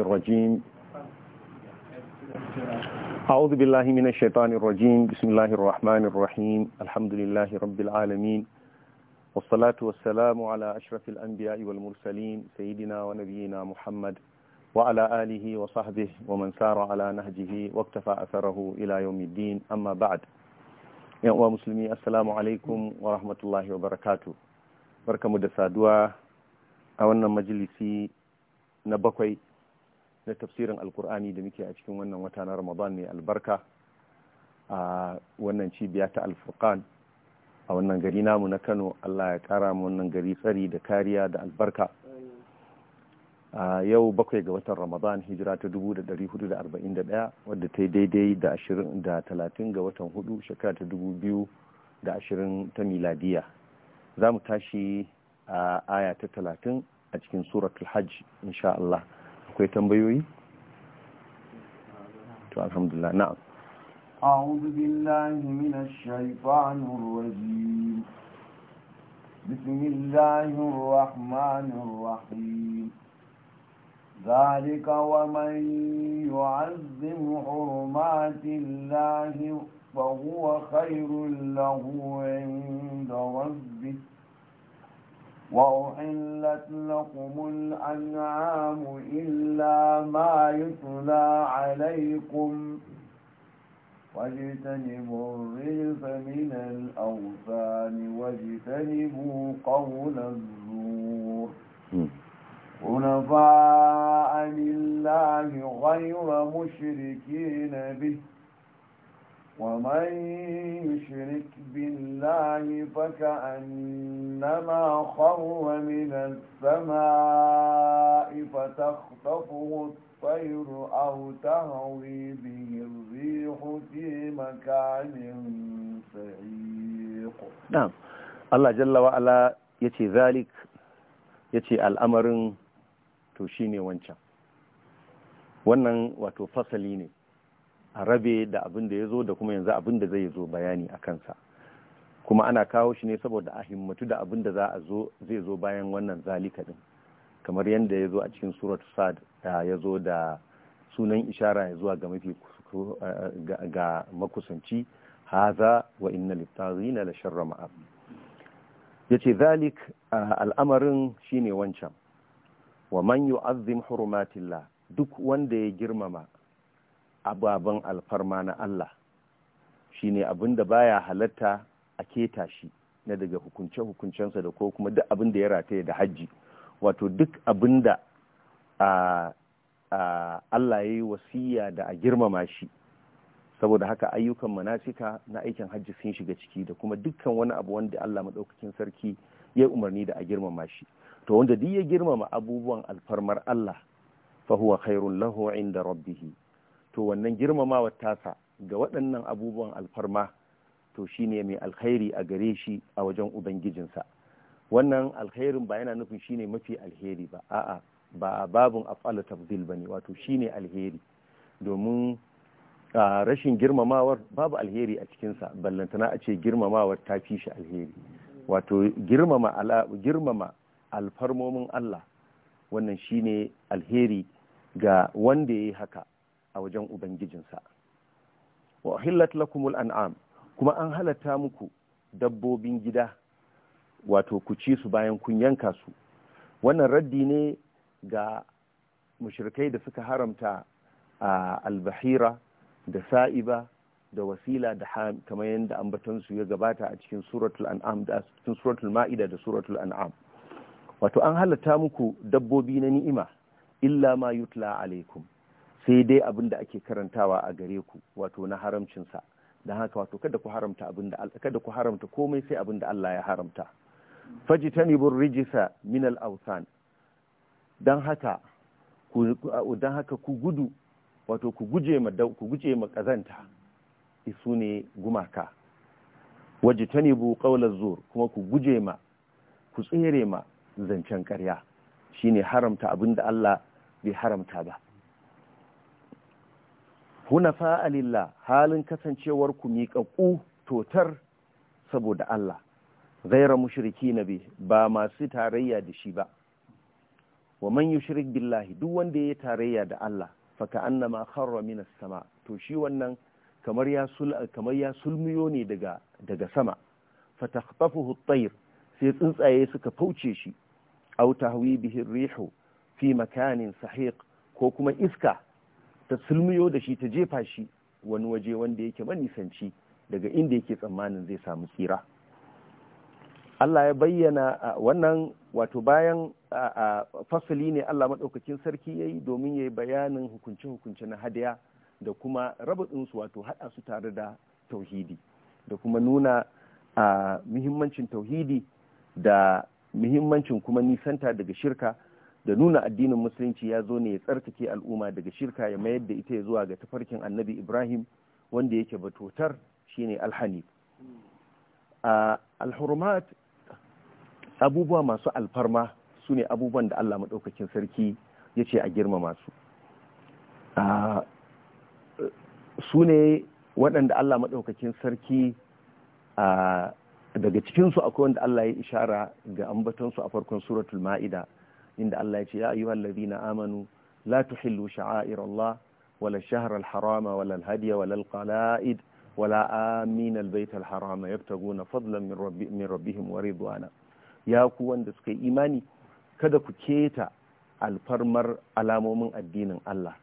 الرجيم أعوذ بالله من الشيطان الرجيم بسم الله الرحمن الرحيم الحمد لله رب العالمين والصلاة والسلام على أشرف الأنبياء والمرسلين سيدنا ونبينا محمد وعلى آله وصحبه ومن سار على نهجه واكتفى أثره إلى يوم الدين أما بعد يا مسلمي السلام عليكم ورحمة الله وبركاته بركة مدسة دعاء a wannan majalisi na bakwai na tafsirin alkur'ani da muke a cikin wannan wata na ramadan ne albarka a wannan cibiya ta alfurkan a wannan gari namu na kano allah ya kara mu wannan gari tsari da kariya da albarka a yau bakwai ga watan ramadan hijira ta 1441 wadda ta yi daidai da 20 da 30 ga watan hudu shekara ta da 2020 ta miladiya za mu tashi a aya ta 30 a cikin suratul hajj insha Allah akwai tambayoyi to alhamdulillah na'am أعوذ بالله من الشيطان الرجيم بسم الله الرحمن الرحيم ذلك ومن يعظم حرمات الله فهو خير له عند ربه وأحلت لكم الأنعام إلا ما يتلى عليكم واجتنبوا الرجس من الأوثان واجتنبوا قول الزور حنفاء لله غير مشركين به ومن يشرك بالله فكأنما خر من السماء فتخطفه الطير أو تهوي به الريح في مكان سعيق نعم الله جل وعلا يتي ذلك يتي الأمر تشيني وانشا وانا وتفصليني a rabe da abin da ya zo da kuma yanzu abin da zai zo bayani a kansa kuma ana kawo shi ne saboda a himmatu da abin da za a zo zai zo bayan wannan zalika din kamar yadda ya zo a cikin surat sad ya zo da sunan ishara ya zuwa ga mafi ga makusanci haza wa inna littazina la sharra ma'ab yace zalik al'amarin shine wancan wa man yu'azzim hurumatillah duk wanda ya girmama ababen alfarma na Allah shine abin da baya halatta a keta shi na daga hukunce-hukuncensa da ko kuma duk abin da ya rataye da hajji wato duk abin da Allah ya yi wasiya da a girmama shi saboda haka ayyukan manasika na aikin hajji sun shiga ciki da kuma dukkan wani abu wanda Allah maɗaukakin sarki ya umarni da a girmama shi to wanda duk ya girmama abubuwan alfarmar Allah fa huwa khairun lahu inda rabbihi to wannan girmamawar tasa ga waɗannan abubuwan alfarma to shine mai alkhairi a gare shi a wajen ubangijinsa wannan alkhairin ba yana nufin shi ne mafi alheri ba a'a ba a afala af'alu ba ne wato shi ne alheri domin rashin girmamawar babu alheri a cikinsa ballantana a ce girmamawar ta fi shi alheri wato girmama alfarmomin Allah wannan shi ne alheri ga wanda ya yi haka a wajen ubangijinsa wa uhillat lakumul an'am kuma an halatta muku dabbobin gida wato ku ci su bayan kun yanka su wannan raddi ne ga mushrikai da suka haramta a albahira da sa'iba da wasila da ham kamar yadda ambatansu ya gabata a cikin suratul an'am da cikin suratul ma'ida da suratul an'am wato an halatta muku dabbobi na ni'ima illa ma yutla alaikum sai dai abin da ake karantawa a gare ku wato na haramcinsa don haka wato kada ku haramta abin da kada ku haramta komai sai abin da Allah ya haramta fajtanibur rijisa min al awsan don haka ku don haka ku gudu wato ku guje ma ku guje ma kazanta isu ne gumaka wajtanibu qawla zur kuma ku guje ma ku tsere ma zancen karya shine haramta abin da Allah bai haramta ba hunafa alillah halin kasancewar ku miƙaƙu totar saboda Allah gaira mushriki na bi ba masu tarayya da shi ba wa man yushrik billahi duk wanda ya tarayya da Allah fa annama kharra sama to shi wannan kamar ya sulmiyo ne daga daga sama fa takhtafuhu at-tayr sai tsuntsaye suka fauce shi aw tahwi bihi ar-rihu fi makanin sahiq ko kuma iska ta sulmiyo da shi ta jefa shi wani waje wanda yake manisanci daga inda yake tsammanin zai samu tsira Allah ya bayyana wannan wato bayan fasali ne Allah maɗaukakin sarki ya yi domin ya yi bayanin hukunce-hukunce na hadaya da kuma rabadinsu wato haɗa su tare da tauhidi da kuma nuna muhimmancin tauhidi da muhimmancin kuma nisanta daga shirka da nuna addinin musulunci ya zo ne ya tsarkake al'umma daga shirka ya mayar da ita ya zuwa ga tafarkin annabi ibrahim wanda yake batotar shine alhanif alhurmat abubuwa masu alfarma su ne abubuwan da allah maɗaukakin sarki ya ce a girmama su su ne waɗanda allah maɗaukakin sarki daga cikinsu akwai wanda allah ya ishara ga ambatonsu a farkon suratul ma'ida inda Allah ya ce ya ayyuhal ladina amanu la tuhillu sha'airallah wala shahr al-harama wala al-hadiya wala al-qala'id wala amin al bait al-harama yabtaguna fadlan min rabbi min rabbihim wa ridwana ya ku wanda suka yi imani kada ku keta alfarmar alamomin addinin Allah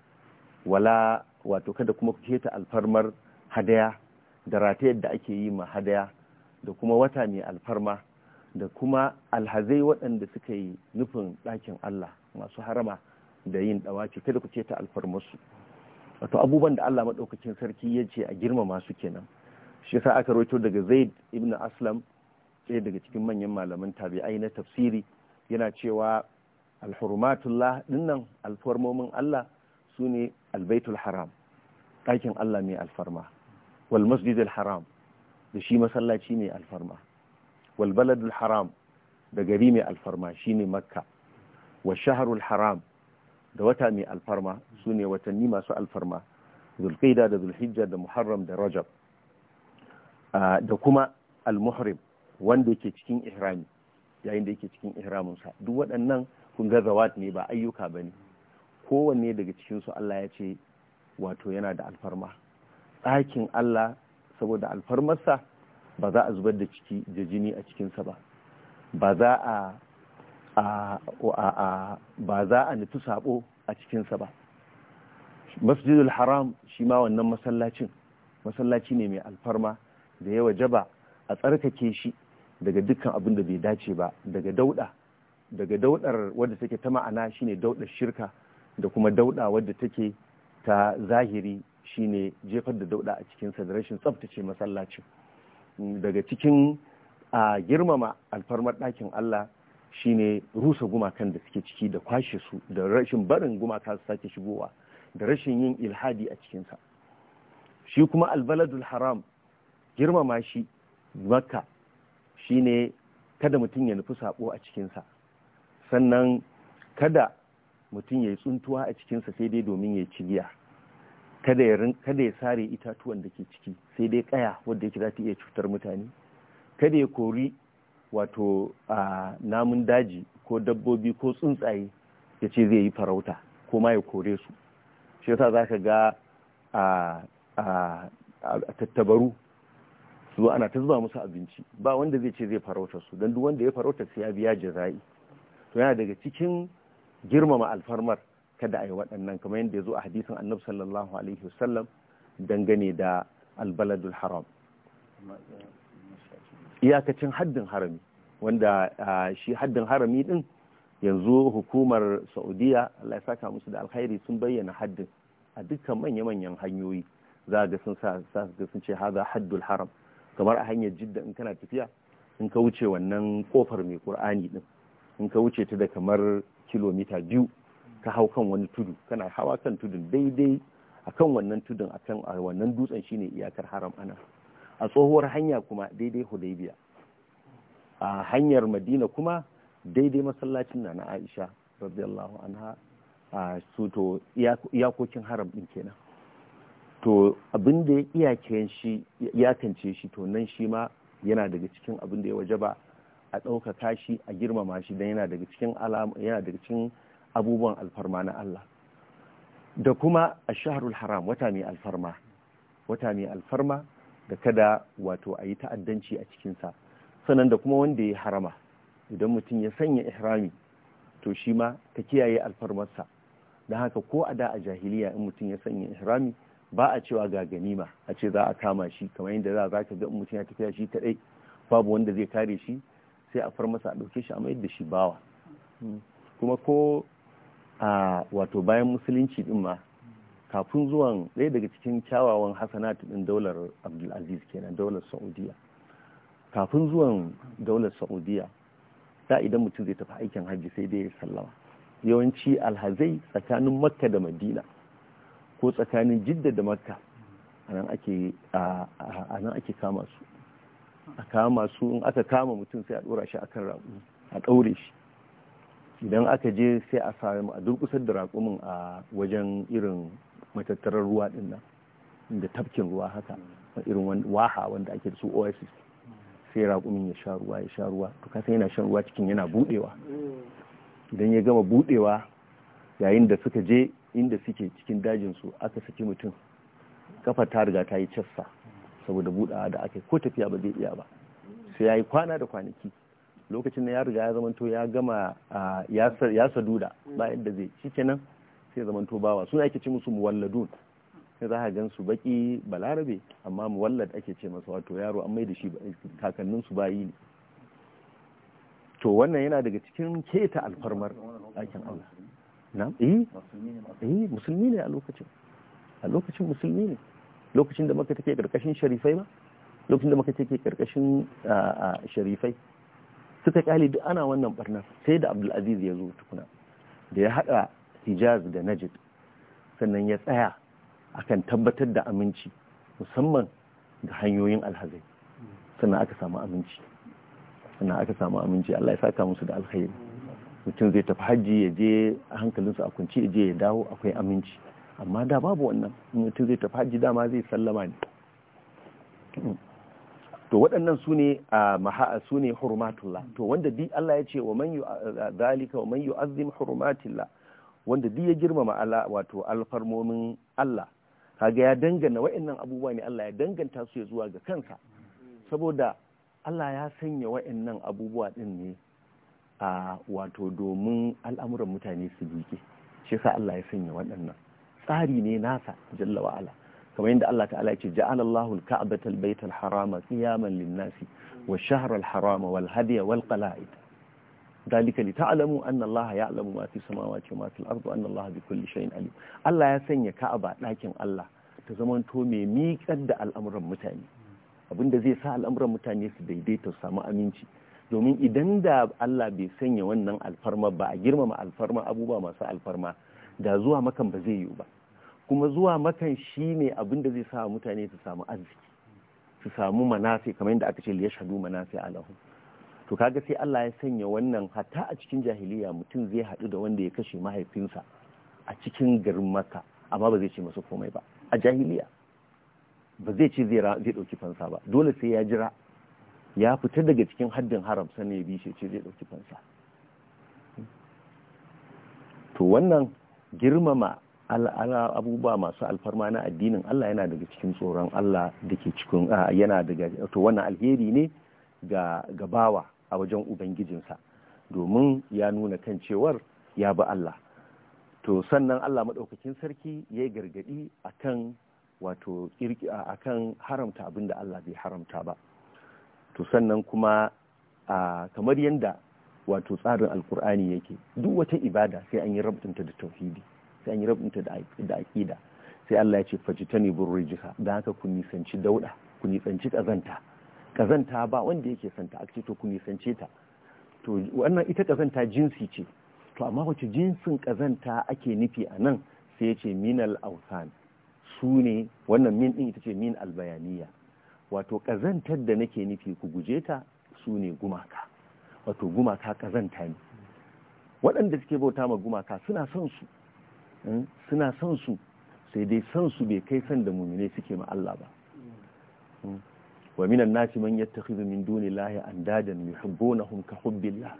wala wato kada kuma ku keta alfarmar hadaya da ratayar da ake yi ma hadaya da kuma wata mai alfarma da kuma alhazai waɗanda suka yi nufin ɗakin Allah masu harama da yin ɗawaci kada ku ce ta alfarmasu wato abubuwan da Allah maɗaukacin sarki ya ce a girmama su kenan shi sa aka roto daga Zaid ibn Aslam ɗaya daga cikin manyan malaman tabi'ai na tafsiri yana cewa alhurmatullah dinnan alfarmomin Allah sune albaitul haram ɗakin Allah mai alfarma wal masjidil haram da shi masallaci mai alfarma wal baladul haram da gari mai alfarma shine makka wa shaharul haram da wata mai alfarma sune watanni masu alfarma zulqaida da zulhijja da muharram da rajab da kuma al-muhrim wanda yake cikin ihrami yayin da yake cikin ihraminsa duk waɗannan kun ga zawat ne ba ayyuka ba ne kowanne daga cikin su Allah ya ce wato yana da alfarma ɗakin Allah saboda alfarmarsa ba za a zubar da ciki da jini a cikinsa ba ba za a nufi sabo a cikinsa ba masjidul haram shi ma wannan masallacin masallaci ne mai alfarma da yawa jaba a tsarkake shi daga dukkan abin da bai dace ba daga dauda daga daudar wadda take ta ma'ana shine daudar shirka da kuma dauda wadda take ta zahiri shine jefar da dauda a cikinsa da rashin tsabtace masallacin daga cikin a girmama alfarmar ɗakin Allah shine rusa gumakan da suke ciki da kwashe su da rashin barin gumaka su sake shigowa da rashin yin ilhadi a cikinsa shi kuma albaladul haram girmama shi makka shine kada mutum ya nufi saɓo a cikinsa sannan kada mutum ya yi tsuntuwa a cikinsa sai dai domin ya yi kada ya kada ya sare itatuwan da ke ciki sai dai kaya wadda yake za ta iya cutar mutane kada ya kori wato a namun daji ko dabbobi ko tsuntsaye ya ce zai yi farauta ko ma ya kore su shi yasa za ka ga a tattabaru su ana ta zuba musu abinci ba wanda zai ce zai farauta su don duk wanda ya farauta sai ya biya jira'i to yana daga cikin girmama alfarmar kada a yi waɗannan kamar yadda ya zo a hadisin annabi sallallahu alaihi wasallam dangane da albaladul haram iyakacin haddin harami wanda shi haddin harami din yanzu hukumar saudiya allah ya saka musu da alkhairi sun bayyana haddin a dukkan manya-manyan hanyoyi za ga sun sa ga sun ce haza haddul haram kamar a hanyar jidda in kana tafiya in ka wuce wannan kofar mai qur'ani din in ka wuce ta da kamar kilomita biyu ka hau kan wani tudu kana hawa kan tudun daidai a kan wannan tudun a kan wannan dutsen shine iyakar haram ana a tsohuwar hanya kuma daidai hudaybiya a hanyar madina kuma daidai masallacin na na aisha radiyallahu anha a to iyakokin haram din kenan to abin da ya iyaken shi iyakance shi to nan shi ma yana daga cikin abin da ya waje ba a ɗaukaka shi a girmama shi don daga cikin alama yana daga cikin abubuwan alfarma na Allah da kuma a shaharul haram wata mai alfarma wata mai alfarma da kada wato a yi ta'addanci a cikinsa sannan da kuma wanda ya harama idan mutum ya sanya ihrami to shi ma ka kiyaye alfarmarsa don haka ko a da a jahiliya in mutum ya sanya ihrami ba a cewa ga ganima a ce za a kama shi kamar yadda za a ka ga mutum ya tafiya shi kadai babu wanda zai kare shi sai a farmasa a ɗauke shi a mayar da shi bawa hmm. kuma ko a wato bayan musulunci din ma kafin zuwan ɗaya daga cikin kyawawan hasanat din daular abdulaziz kenan daular saudiya kafin zuwan daular saudiya da idan mutum zai tafi aikin hajji sai dai ya sallama yawanci alhazai tsakanin makka da madina ko tsakanin jidda da makka a nan ake kama su a kama su in aka kama mutum sai a ɗora shi akan rabu a ɗaure shi idan aka je sai a sami a durkusar da raƙumin a wajen irin matattarar ruwa din nan da tafkin ruwa haka irin waha wanda ake da su oasis sai raƙumin ya sha ruwa ya sha ruwa to kasan yana shan ruwa cikin yana budewa idan ya gama budewa yayin da suka je inda suke cikin dajin su aka saki mutum kafa ta riga ta yi cassa saboda budawa da aka yi ko tafiya ba zai iya ba sai ya yi kwana da kwanaki lokacin da ya riga ya zamanto ya gama ya saduda ba yadda zai shi kenan sai zamanto bawa suna ake ce musu muwalladun sai za a gan su baki balarabe amma muwallad ake ce masa wato yaro an mai da shi kakannin su bayi ne to wannan yana daga cikin keta alfarmar aikin Allah na eh eh musulmi ne a lokacin a lokacin musulmi ne lokacin da maka take karkashin sharifai ba lokacin da maka take karkashin sharifai suka kyale duk ana wannan barnar sai da abdulaziz ya zo tukuna da ya haɗa hijaz da najid sannan ya tsaya akan tabbatar da aminci musamman ga hanyoyin alhazai sannan aka samu aminci sannan aka samu aminci Allah ya saka musu da alkhairi mutum zai tafi hajji ya je hankalinsu a kunci ya je ya dawo akwai aminci amma da babu wannan mutum zai tafi hajji dama zai sallama ne to waɗannan su ne a su ne hurmatullah to wanda di Allah ya ce wa man yu wa man yu'azzim hurmatullah wanda di ya girmama Allah wato alfarmomin Allah kaga ya dangana waɗannan abubuwa ne Allah ya danganta su ya zuwa ga kansa saboda Allah ya sanya waɗannan abubuwa din ne a wato domin al'amuran mutane su bike shi yasa Allah ya sanya waɗannan tsari ne nasa jalla wa kamar yadda Allah ta'ala ya ce ja'ala Allahu al-ka'bata al-bayta al-harama qiyaman lin-nasi wash-shahra al-harama wal-hadiya wal-qala'id dalika li ta'lamu anna Allah ya'lamu ma fi samawati wa ma al ardi anna Allah bi kulli shay'in alim Allah ya sanya Ka'aba ɗakin Allah ta zamanto mai miƙar da al'amuran mutane abinda zai sa al'amuran mutane su daidaita su samu aminci domin idan da Allah bai sanya wannan alfarma ba a girmama alfarma abubuwa masu alfarma da zuwa makan ba zai yiwu ba kuma zuwa makan shi ne abin da zai sa mutane su samu arziki su samu manafi kamar yadda aka ce ya shadu manafi alahu to kaga sai Allah ya sanya wannan hatta a cikin jahiliya mutum zai haɗu da wanda ya kashe mahaifinsa a cikin garin maka amma ba zai ce masa komai ba a jahiliya ba zai ce zai ɗauki fansa ba dole sai ya jira ya fita daga cikin haddin haram sannan ya bi shi ce zai ɗauki fansa to wannan girmama abubuwa masu alfarma na addinin Allah yana daga cikin tsoron Allah da ke cikin yana daga to wannan alheri ne ga gabawa a wajen ubangijinsa domin ya nuna kan cewar ya bi Allah to sannan Allah maɗaukakin sarki ya yi gargaɗi akan wato kan haramta abin da Allah bai haramta ba to sannan kuma kamar yadda wato tsarin alkur'ani yake duk wata ibada sai an yi rabtinta da tauhidi sai an yi rabinta da aƙida sai Allah ya ce ta ne burin burrijika da haka ku nisanci dauda ku nisanci ƙazanta? Ƙazanta ba wanda yake santa ake to ku nisance ta to wannan ita ƙazanta jinsi ce to amma wace jinsin kazanta ake nufi a nan sai ya ce minal ausan su ne wannan min ɗin ita ce min albayaniya wato ƙazantar da nake nufi ku guje ta su ne gumaka wato gumaka ƙazanta ne waɗanda suke bauta ma gumaka suna son su Hmm? suna son su sai dai son su bai kai san da mumine suke ma Allah ba hmm? wa minan nasi man yattakhidhu min dunillahi andadan yuhibbunahum ka hubbillah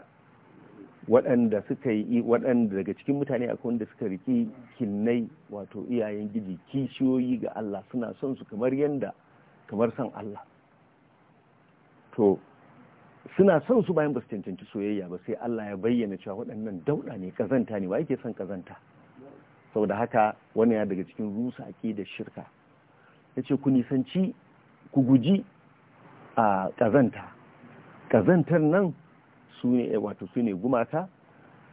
waɗanda suka yi waɗanda daga cikin mutane akwai wanda suka riki kinnai wato iyayen gidi kishiyoyi ga Allah suna son su kamar yanda kamar san Allah to suna son su bayan ba su cancanci soyayya ba sai Allah ya bayyana cewa waɗannan dauɗa ne kazanta ne wa yake son kazanta da haka wani ya daga cikin rusa da shirka ya ce ku nisanci ku guji a ƙazanta ƙazantar nan su ne wato su ne gumata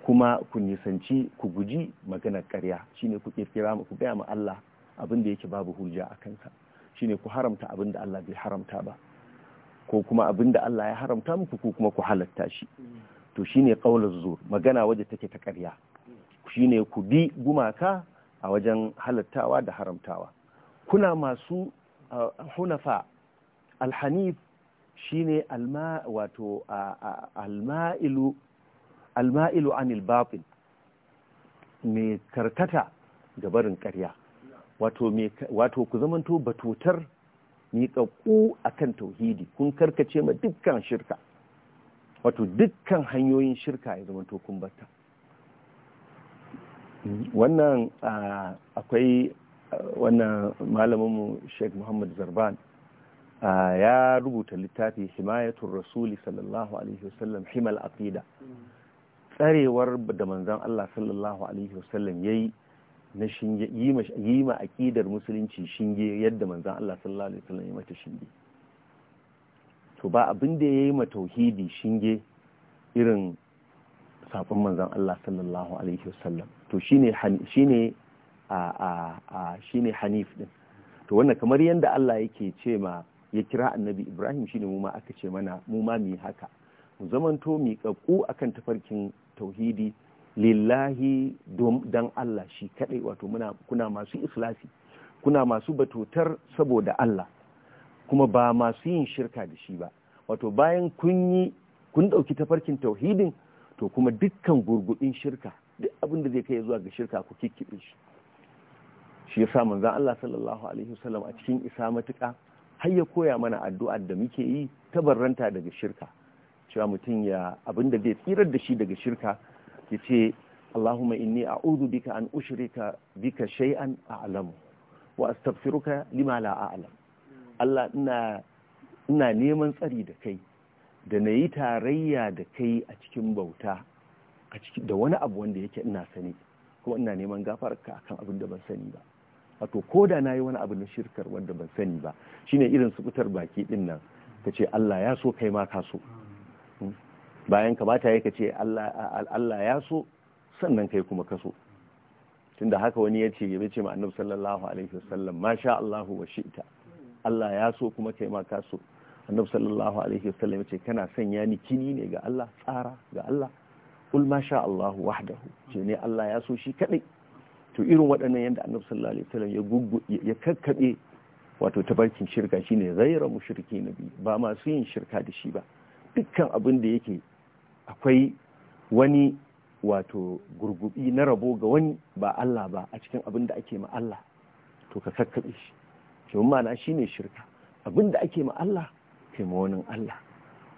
kuma ku nisanci ku guji maganar ƙarya shine ku kirkira ku gaya ma Allah abin da yake babu hujja a kansa shine ku haramta abin da Allah bai haramta ba ko kuma abin da Allah ya haramta muku ko kuma ku halatta shi mm. to shine qauluz zur magana waje take ta karya. shine ku bi gumaka a wajen halattawa da haramtawa kuna masu hunafa alhanif shine alma wato alma'ilu alma'ilu anil batil mai karkata ga barin karya? wato ku zamanto batutar miƙaƙƙu a kan tauhidi kun karkace ma dukkan shirka wato dukkan hanyoyin shirka ya zamanto kun batta wannan akwai wannan malaminmu sheikh muhammad zarban ya rubuta littafi himayatul rasuli sallallahu alaihi wasallam himal aqida tsarewar da manzon Allah sallallahu alaihi wasallam yayi na shinge yi ma aqidar musulunci shinge yadda manzon Allah sallallahu alaihi wasallam ya mata shinge to ba abin da yayi ma tauhidi shinge irin sabon manzon Allah sallallahu alaihi wasallam to shine shine hanif din to wannan kamar yadda Allah yake ce ma ya kira annabi Ibrahim shine mu ma aka ce mana mu ma mu haka mu zamanto mi kakku akan tafarkin tauhidi lillahi dan Allah shi kadai wato muna kuna masu islasi kuna masu batutar saboda Allah kuma ba masu yin shirka da shi ba wato bayan kun yi kun ɗauki tafarkin tauhidin to kuma dukkan gurgudin shirka duk abin da zai kai zuwa ga shirka ku kikkibe shi shi ya yasa manzon Allah sallallahu alaihi wasallam a cikin isa matuka har ya koya mana addu'ar da muke yi ta barranta daga shirka cewa mutum ya abin da zai tsirar da shi daga shirka ya ce Allahumma inni a'udhu bika an ushrika bika shay'an a'lamu wa astaghfiruka lima la a'lam Allah ina ina neman tsari da kai da nayi tarayya da kai a cikin bauta a ciki da wani abu wanda yake ina sani kuma ina neman gafararka akan abin da ban sani ba wato ko da nayi wani abu na shirkar wanda ban sani ba shine irin su fitar baki din nan kace Allah ya so kai ma ka so hmm? bayan ka bata yake ce Allah Allah ya so sannan kai kuma ka so tunda haka wani ya ce yabe ce ma annabi sallallahu alaihi wasallam masha Allahu wa shi'ta Allah ya so kuma kai ma ka so annabi sallallahu alaihi wasallam ya ce kana sanya ni kini ne ga Allah tsara ga Allah kul ma sha Allahu wahdahu shi ne Allah ya so shi kadai to irin waɗannan yanda annabi sallallahu alaihi wasallam ya guggu ya kakkabe wato tabarkin shirka shine zaira mushriki nabi ba masu yin shirka da shi ba dukkan abin da yake akwai wani wato gurgubi na rabo ga wani ba Allah ba a cikin abin da ake ma Allah to ka kakkabe shi to ma'ana shine shirka abin da ake ma Allah kai ma wani Allah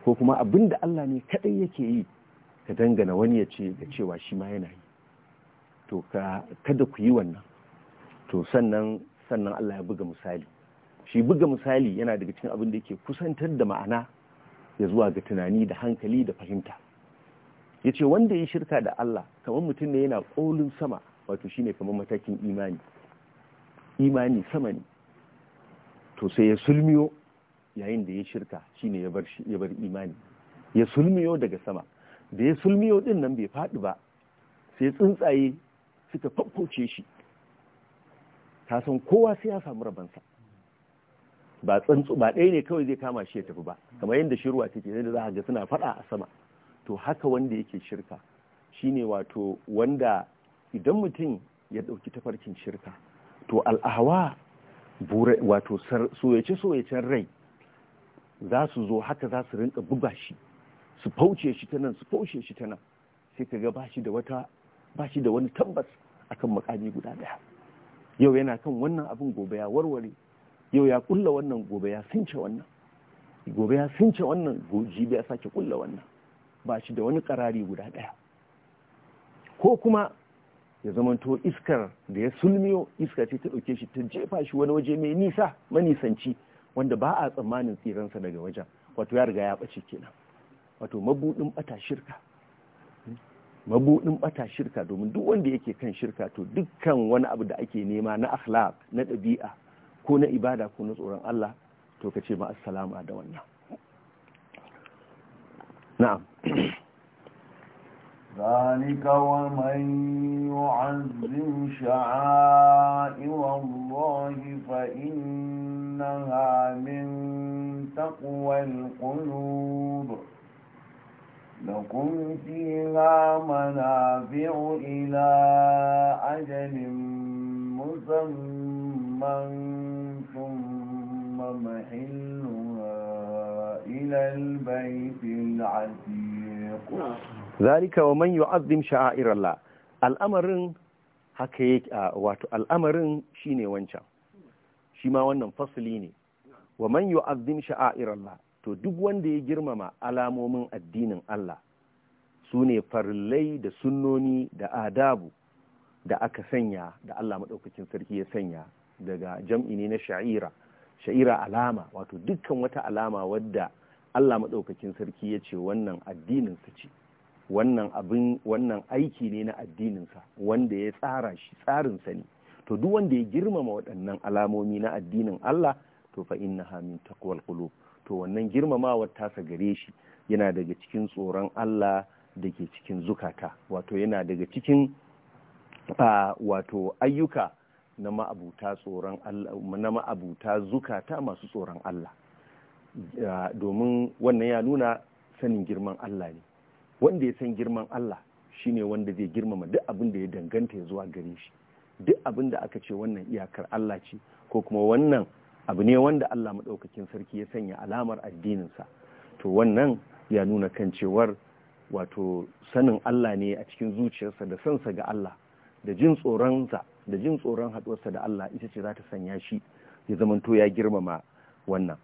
ko kuma abin da Allah ne kadai yake yi ka dangana wani ya ce da cewa shi ma yana yi to ka kada ku yi wannan to sannan sannan Allah ya buga misali shi buga misali yana daga cikin abin da yake kusantar da ma'ana ya zuwa ga tunani da hankali da fahimta ya ce wanda ya shirka da Allah kamar mutum ne yana ƙolin sama wato shine kamar matakin imani imani sama ne to sai ya sulmiyo yayin da ya shirka shine ya bar imani ya sulmiyo daga sama da ya sulmiyo din nan bai faɗi ba sai tsuntsaye suka fafoce shi kasan kowa sai ya samu rabansa ba tsantsu ba ɗaya ne kawai zai kama shi ya tafi ba kamar yadda shirwa take ne da za a ga suna faɗa a sama to haka wanda yake shirka shine wato wanda idan mutum ya ɗauki tafarkin shirka to al'ahawa wato soyace-soyacen rai za su zo haka za su rinka buga shi su fauce shi ta nan su fauce shi ta nan sai ka ga bashi da wata bashi da wani tabbas akan makami guda daya yau yana kan wannan abin gobe ya warware yau ya kulla wannan gobe ya sunce wannan gobe ya sunce wannan jibi ya sake kulla wannan ba da wani karari guda daya ko kuma ya zamanto iskar da ya sulmiyo iska ce ta ɗauke shi ta jefa shi wani waje mai nisa manisanci wanda ba a tsammanin tsiransa daga wajen wato ya riga ya ɓace kenan wato mabudin bata shirka mabudin bata shirka domin duk wanda yake kan shirka to dukkan wani abu da ake nema na akhlaq na ɗabi'a ko na ibada ko na tsoron Allah to kace ma assalamu da wannan na'am ذلك ومن يعزم شعائر الله فإنها من تقوى القلوب لكم فيها منافع إلى أجل مسمى ثم محلها إلى البيت العتيق ذلك ومن يعظم شعائر الله الأمر haka yake wato al'amarin shine wancan shi ma wannan fasali ne wa man yu'azzim sha'airallah to duk wanda ya girmama alamomin addinin Allah su ne farillai da sunnoni da adabu da aka sanya da Allah maɗaukacin sarki ya sanya daga jam'i ne na sha'ira sha'ira alama wato dukkan wata alama wadda Allah maɗaukacin sarki ya ce wannan addininsa ce wannan abin wannan aiki ne na addininsa wanda ya tsara shi sa ne to duk wanda ya girmama waɗannan alamomi na addinin Allah to fa innaha min taqwal qulub to wannan girmamawar tasa gare shi yana daga cikin tsoron Allah da ke cikin zukata wato yana daga cikin wato ayyuka na ma'abuta zukata masu tsoron Allah domin wannan ya nuna sanin girman Allah ne wanda ya san girman Allah shine wanda zai girmama duk abin da ya danganta ya zuwa gare shi duk abin da aka ce wannan iyakar Allah ce ko kuma wannan abu ne wanda Allah maɗaukakin sarki ya sanya alamar addininsa to wannan ya nuna kan cewar wato sanin Allah ne a cikin zuciyarsa da sansa ga Allah da jin tsoronsa da jin tsoron haɗuwarsa da Allah ita ce za ta sanya shi ya zamanto ya girmama wannan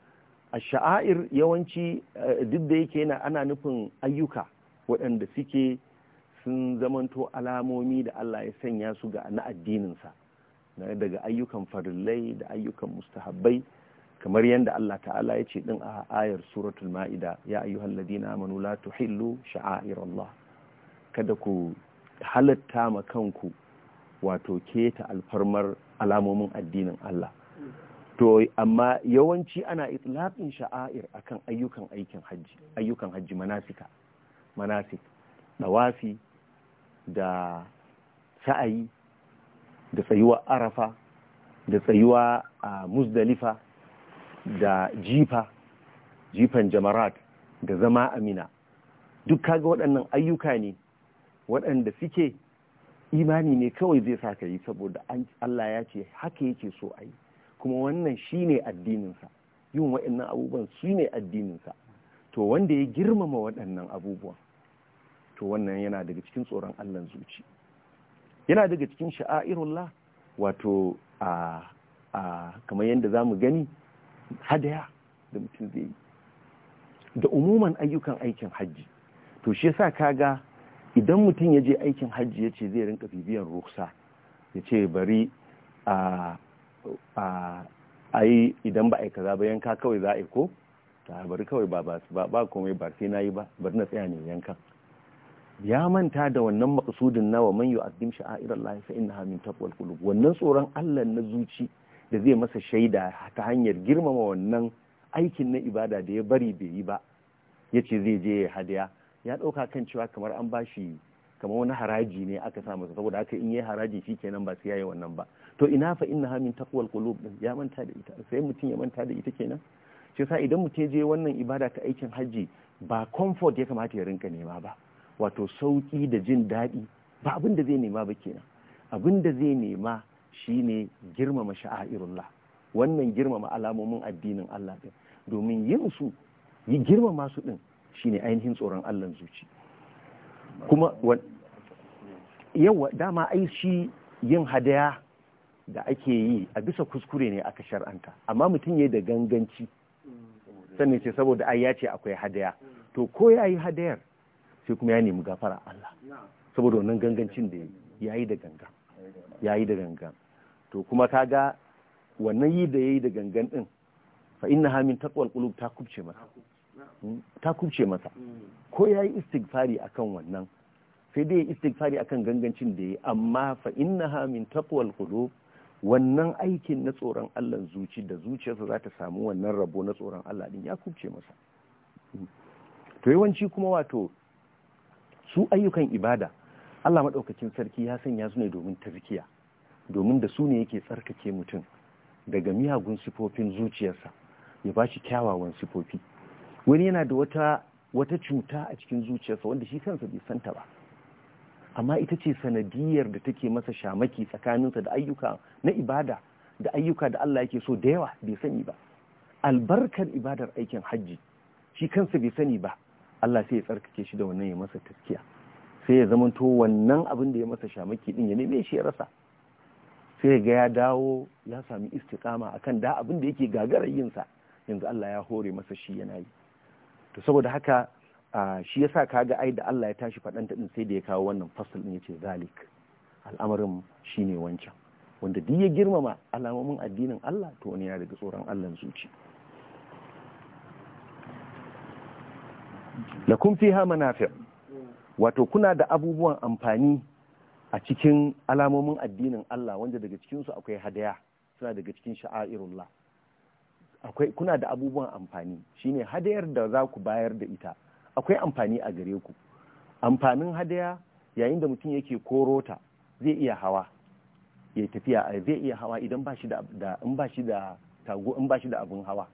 a sha'air yawanci eh, duk da yake yana ana nufin ayyuka waɗanda suke sun zamanto alamomi da Allah ya sanya su ga na addininsa daga ayyukan farillai da ayyukan mustahabbai kamar yadda Allah ta'ala ya ce din a ayar suratul ma'ida ya ayyuhal ladina amanu la tuhillu sha'airallah kada ku halatta ma kanku wato keta alfarmar alamomin addinin Allah to amma yawanci ana itlaqin sha'air akan ayyukan aikin haji ayyukan hajji manasika manasik dawafi da sa'ayi da tsayuwa arafa da tsayuwa a musdalifa da jifa jifan jamarat da zama amina duk kaga waɗannan ayyuka ne waɗanda suke imani ne kawai zai sa ka yi saboda Allah ya ce haka yake so a yi kuma wannan shi ne addininsa yin waɗannan abubuwan su ne addininsa to wanda ya girmama waɗannan abubuwan to wannan yana daga cikin tsoron Allah zuci yana daga cikin sha'airullah wato a kamar yadda za mu gani hadaya da mutum zai yi da umuman ayyukan aikin hajji to shi yasa ga idan mutum ya je aikin hajji ya ce zai rinka bibiyan ruksa ya ce bari a yi idan ba a yi kaza ba yanka kawai za a yi ko ta bari kawai ba ba komai ba sai na yi ba bari na tsaya ne yankan ya manta da wannan maƙasudin nawa man yu'azzim sha'airallahi fa Inna min taqwal qulub wannan tsoron Allah na zuci da zai masa shaida ta hanyar girmama wannan aikin na ibada da ya bari bai yi ba yace zai je ya hadiya ya ɗauka kan cewa kamar an bashi kamar wani haraji ne aka sa masa saboda haka in yayi haraji shikenan ba sai yayi wannan ba to ina fa innaha min taqwal qulub ya manta da ita sai mutum ya manta da ita kenan shi sa idan mutum je wannan ibada ta aikin hajji ba comfort ya kamata ya rinka nema ba wato sauƙi da jin daɗi ba abin da zai nema ba kenan abin da zai nema shine girmama sha'airullah wannan girmama alamomin addinin Allah din domin yin su yi girmama su din shine ainihin tsoron Allah zuci kuma yawa dama ai shi yin hadaya da ake yi a bisa kuskure ne aka shar'anta amma mutum ya da ganganci sannan ce saboda ai ya ce akwai hadaya to ko ya yi hadayar sai kuma ya nemi gafara Allah saboda wannan gangancin da ya yi da ganga ya yi da ganga to kuma ka ga wannan yi da ya yi da gangan din fa inna hamin taqwal qulub ta kubce masa hmm? ta kubce masa ko ya yi istighfari akan wannan sai dai istighfari akan gangancin da ya amma fa inna hamin taqwal qulub wannan aikin na tsoron Allah zuci da zuciyarsa za ta samu wannan rabo na tsoron Allah din ya kubce masa hmm? to yawanci kuma wato su ayyukan ibada Allah maɗaukacin sarki ya sanya su ne domin tazkiya domin da su ne yake tsarkake mutum daga miyagun sifofin zuciyarsa ya ba shi kyawawan sifofi wani yana da wata wata cuta a cikin zuciyarsa wanda shi kansa bai santa ba amma ita ce sanadiyar da take masa shamaki tsakaninsa da ayyuka na ibada da ayyuka da Allah yake so da yawa bai sani ba albarkar ibadar aikin hajji shi kansa bai sani ba Allah sai ya tsarkake shi da wannan ya masa taskiya sai ya zama to wannan abin da ya masa shamaki din ya neme shi ya rasa sai ga ya dawo ya sami istiqama akan da abin da yake gagarar yin sa yanzu Allah ya hore masa shi yana yi to saboda haka shi yasa kaga ai da Allah ya tashi faɗan din sai da ya kawo wannan fasal din yace zalik al'amarin shine wancan wanda duk ya girmama alamomin addinin Allah to wani ya daga tsoron Allah zuci lakum fiha manafi wato kuna da abubuwan amfani a cikin alamomin addinin Allah wanda daga cikinsu akwai hadaya suna daga cikin sha'airullah akwai kuna da abubuwan amfani shine hadayar da za ku bayar da ita akwai amfani a gare ku amfanin hadaya yayin da mutum yake korota zai iya hawa ya tafiya zai iya hawa idan ba shi da in ba shi da tago in ba shi da abun hawa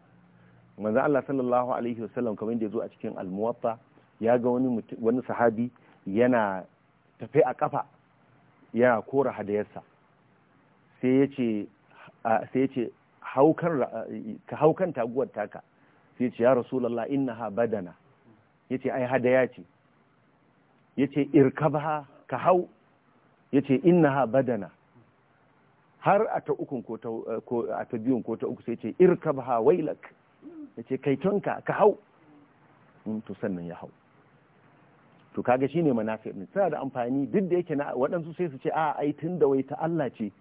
manzo Allah sallallahu alaihi wasallam kamar yadda zo a cikin al-muwatta ya ga wani wani sahabi yana tafe a kafa yana kora hadayarsa sai ya ce sai ya ce haukan ka haukan taguwar taka sai ya ce ya rasulullah innaha badana yace ai hadaya ce yace irkabha ka hau yace innaha badana har a ta ukun ko a ta biyun ko ta uku sai ce irkabha wailak ya ce kai ka hau to sannan ya hau to kaga shine manafi ne tana da amfani duk da yake na waɗansu sai su ce a ai tun da wai ta Allah ce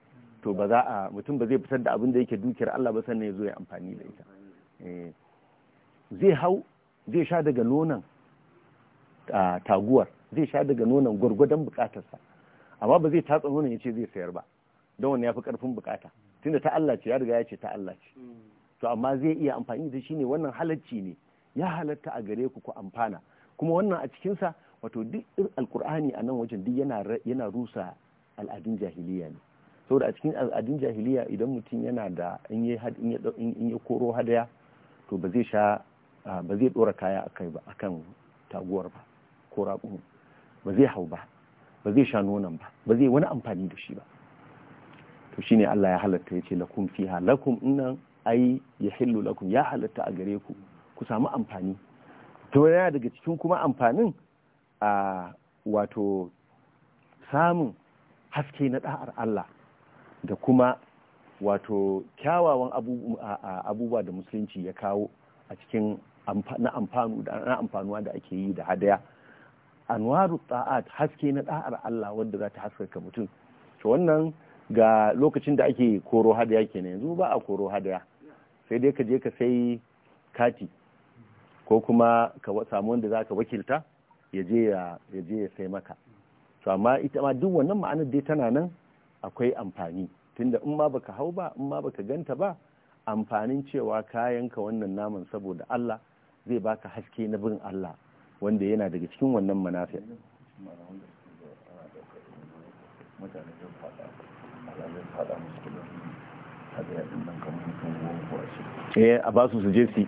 to ba za a mutum ba zai fitar da abin da yake dukiyar Allah ba sannan ya zo ya amfani da ita eh, zai hau zai sha daga nonon taguwar zai sha daga nonon gwargwadon bukatarsa amma ba zai tatsa nonon ya ce zai sayar ba don wani ya fi karfin bukata tunda ta Allah ce ya riga ya ce ta Allah ce hmm. to amma zai iya amfani da shi ne wannan halacci ne ya halatta a gare ku ku amfana kuma wannan a cikinsa wato duk alkur'ani a nan wajen duk yana rusa al'adun jahiliya ne saboda a cikin al'adun jahiliya idan mutum yana da in ya koro hadaya to ba zai sha ba zai dora kaya akai ba akan taguwar ba ko raƙun ba zai hau ba ba zai sha nonon ba ba zai wani amfani da shi ba to shine Allah ya halatta ya ce lakum fiha lakum innan ai ya hillu lakum ya halatta a gare ku ku samu amfani to yana daga cikin kuma amfanin a wato samun haske na da'ar Allah da kuma wato kyawawan abubuwa da musulunci ya kawo a cikin na amfanuwa da ake yi da hadaya anwaru ta'at haske na da'ar Allah wanda za ta haskaka mutum to wannan ga lokacin da ake koro hadaya kenan yanzu ba a koro hadaya sai dai ka je ka sai kati ko kuma ka samu wanda za ka wakilta ya je ya sai maka to amma ita ma duk wannan ma'anar dai tana nan akwai amfani tunda in ma baka hau ba in ma baka ganta ba amfanin cewa kayanka wannan naman saboda Allah zai baka haske na bin Allah wanda yana daga cikin wannan manafi mutane eh a ba su su je su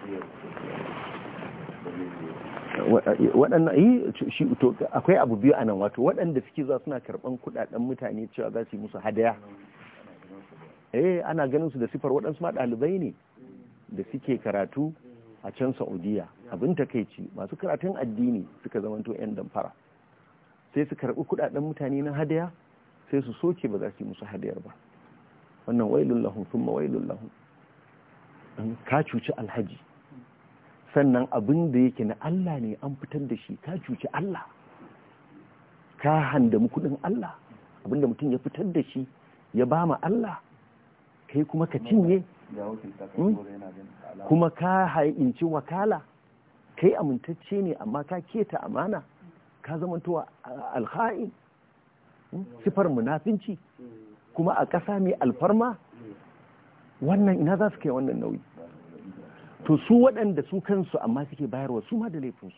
waɗannan yi eh, shi to akwai abu biyu a nan wato waɗanda suke zuwa suna karɓan kuɗaɗen mutane cewa za su yi musu hadaya eh ana ganin su da sifar waɗansu ma ɗalibai ne da suke karatu a can saudiya abin takaici masu karatun addini suka to 'yan damfara sai su karɓi kuɗaɗen mutane na hadaya sai su soke ba za su yi musu hadayar ba wannan wailun lahun sun wailun lahun ka cuci alhaji sannan abin da yake na Allah ne an fitar da shi ka cuci Allah ka handamu kudin Allah Abin da mutum ya fitar da shi ya ba ma Allah kai kuma ka cinye hmm? kuma ka hainci wakala kai amintacce ne amma ka keta amana ka zamantowa alha'in hmm? sifar munafinci kuma a ƙasa mai alfarma wannan ina za su kai wannan nauyi to su waɗanda su kansu amma suke bayarwa su ma da laifinsu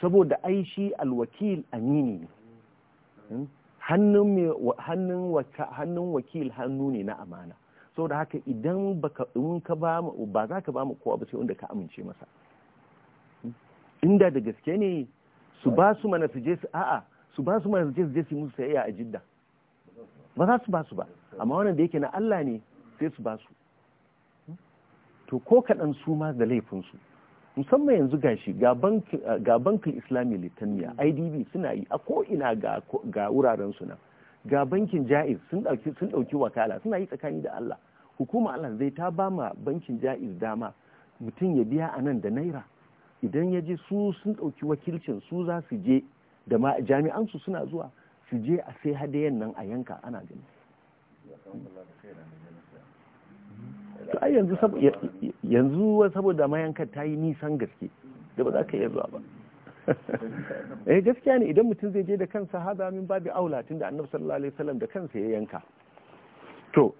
saboda ai shi alwakil amini ne hmm? hannun wakil hannu ne na amana saboda haka idan ka ba za ka ba mu kowa ba sai wanda ka amince masa hmm? inda da gaske ne su ba su mana su je su a'a su ba su mana su je su je su musu sayayya a jidda ba za su ba su ba amma wannan da yake na Allah ne sai su ba su to ko kaɗan su ma da laifinsu musamman yanzu gashi ga bankin islami litaniya hmm. idb suna yi a ko'ina ga wuraren suna ga bankin ja'iz sun ɗauki wakala suna yi tsakani da allah hukuma allah zai ta ba ma bankin ja'iz dama mutum ya biya a nan da naira idan ya je su sun ɗauki wakilcin su za su je da jami'an suna zuwa su je a sai hadayen nan a yanka ana gani to ai yanzu yanzu saboda mayanka ta yi nisan gaske da ba za ka iya zuwa ba eh gaskiya ne idan mutum zai je da kansa haza min babu aula da annabi sallallahu alaihi wasallam da kansa ya yanka to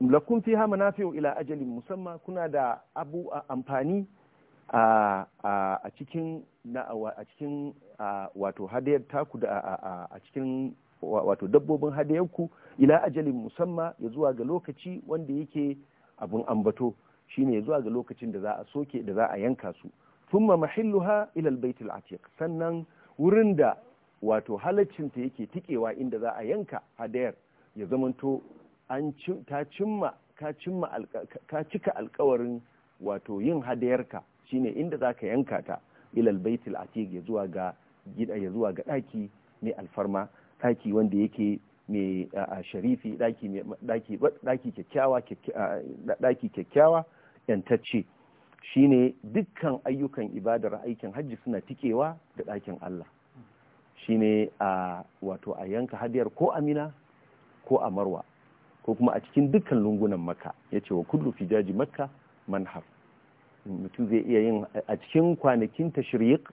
lakum fiha manafi'u ila ajalin musamma kuna da abu amfani a cikin a cikin wato hadayar taku da a cikin wato dabbobin ku ila ajalin musamma ya zuwa ga lokaci wanda yake abun ambato shine zuwa ga lokacin da za a soke da za a yanka su thumma mahilluha ila albayt alatiq sannan wurin da wato ta yake tikewa inda za a yanka hadayar ya zamanto an ta cimma ka cimma ka cika alkawarin wato yin hadayarka shine inda za ka yanka ta ila baitul atiq ya zuwa ga gida zuwa ga daki ne alfarma daki wanda yake mai sharifi ɗaki kyakkyawa ɗaki kyakkyawa yantacce shine dukkan ayyukan ibadar aikin hajji suna tikewa da ɗakin Allah shine a wato a yanka hadiyar ko amina ko a marwa ko kuma a cikin dukkan lungunan makka ya ce wa kullu fijaji makka manhar mutum zai iya yin a cikin kwanakin tashriq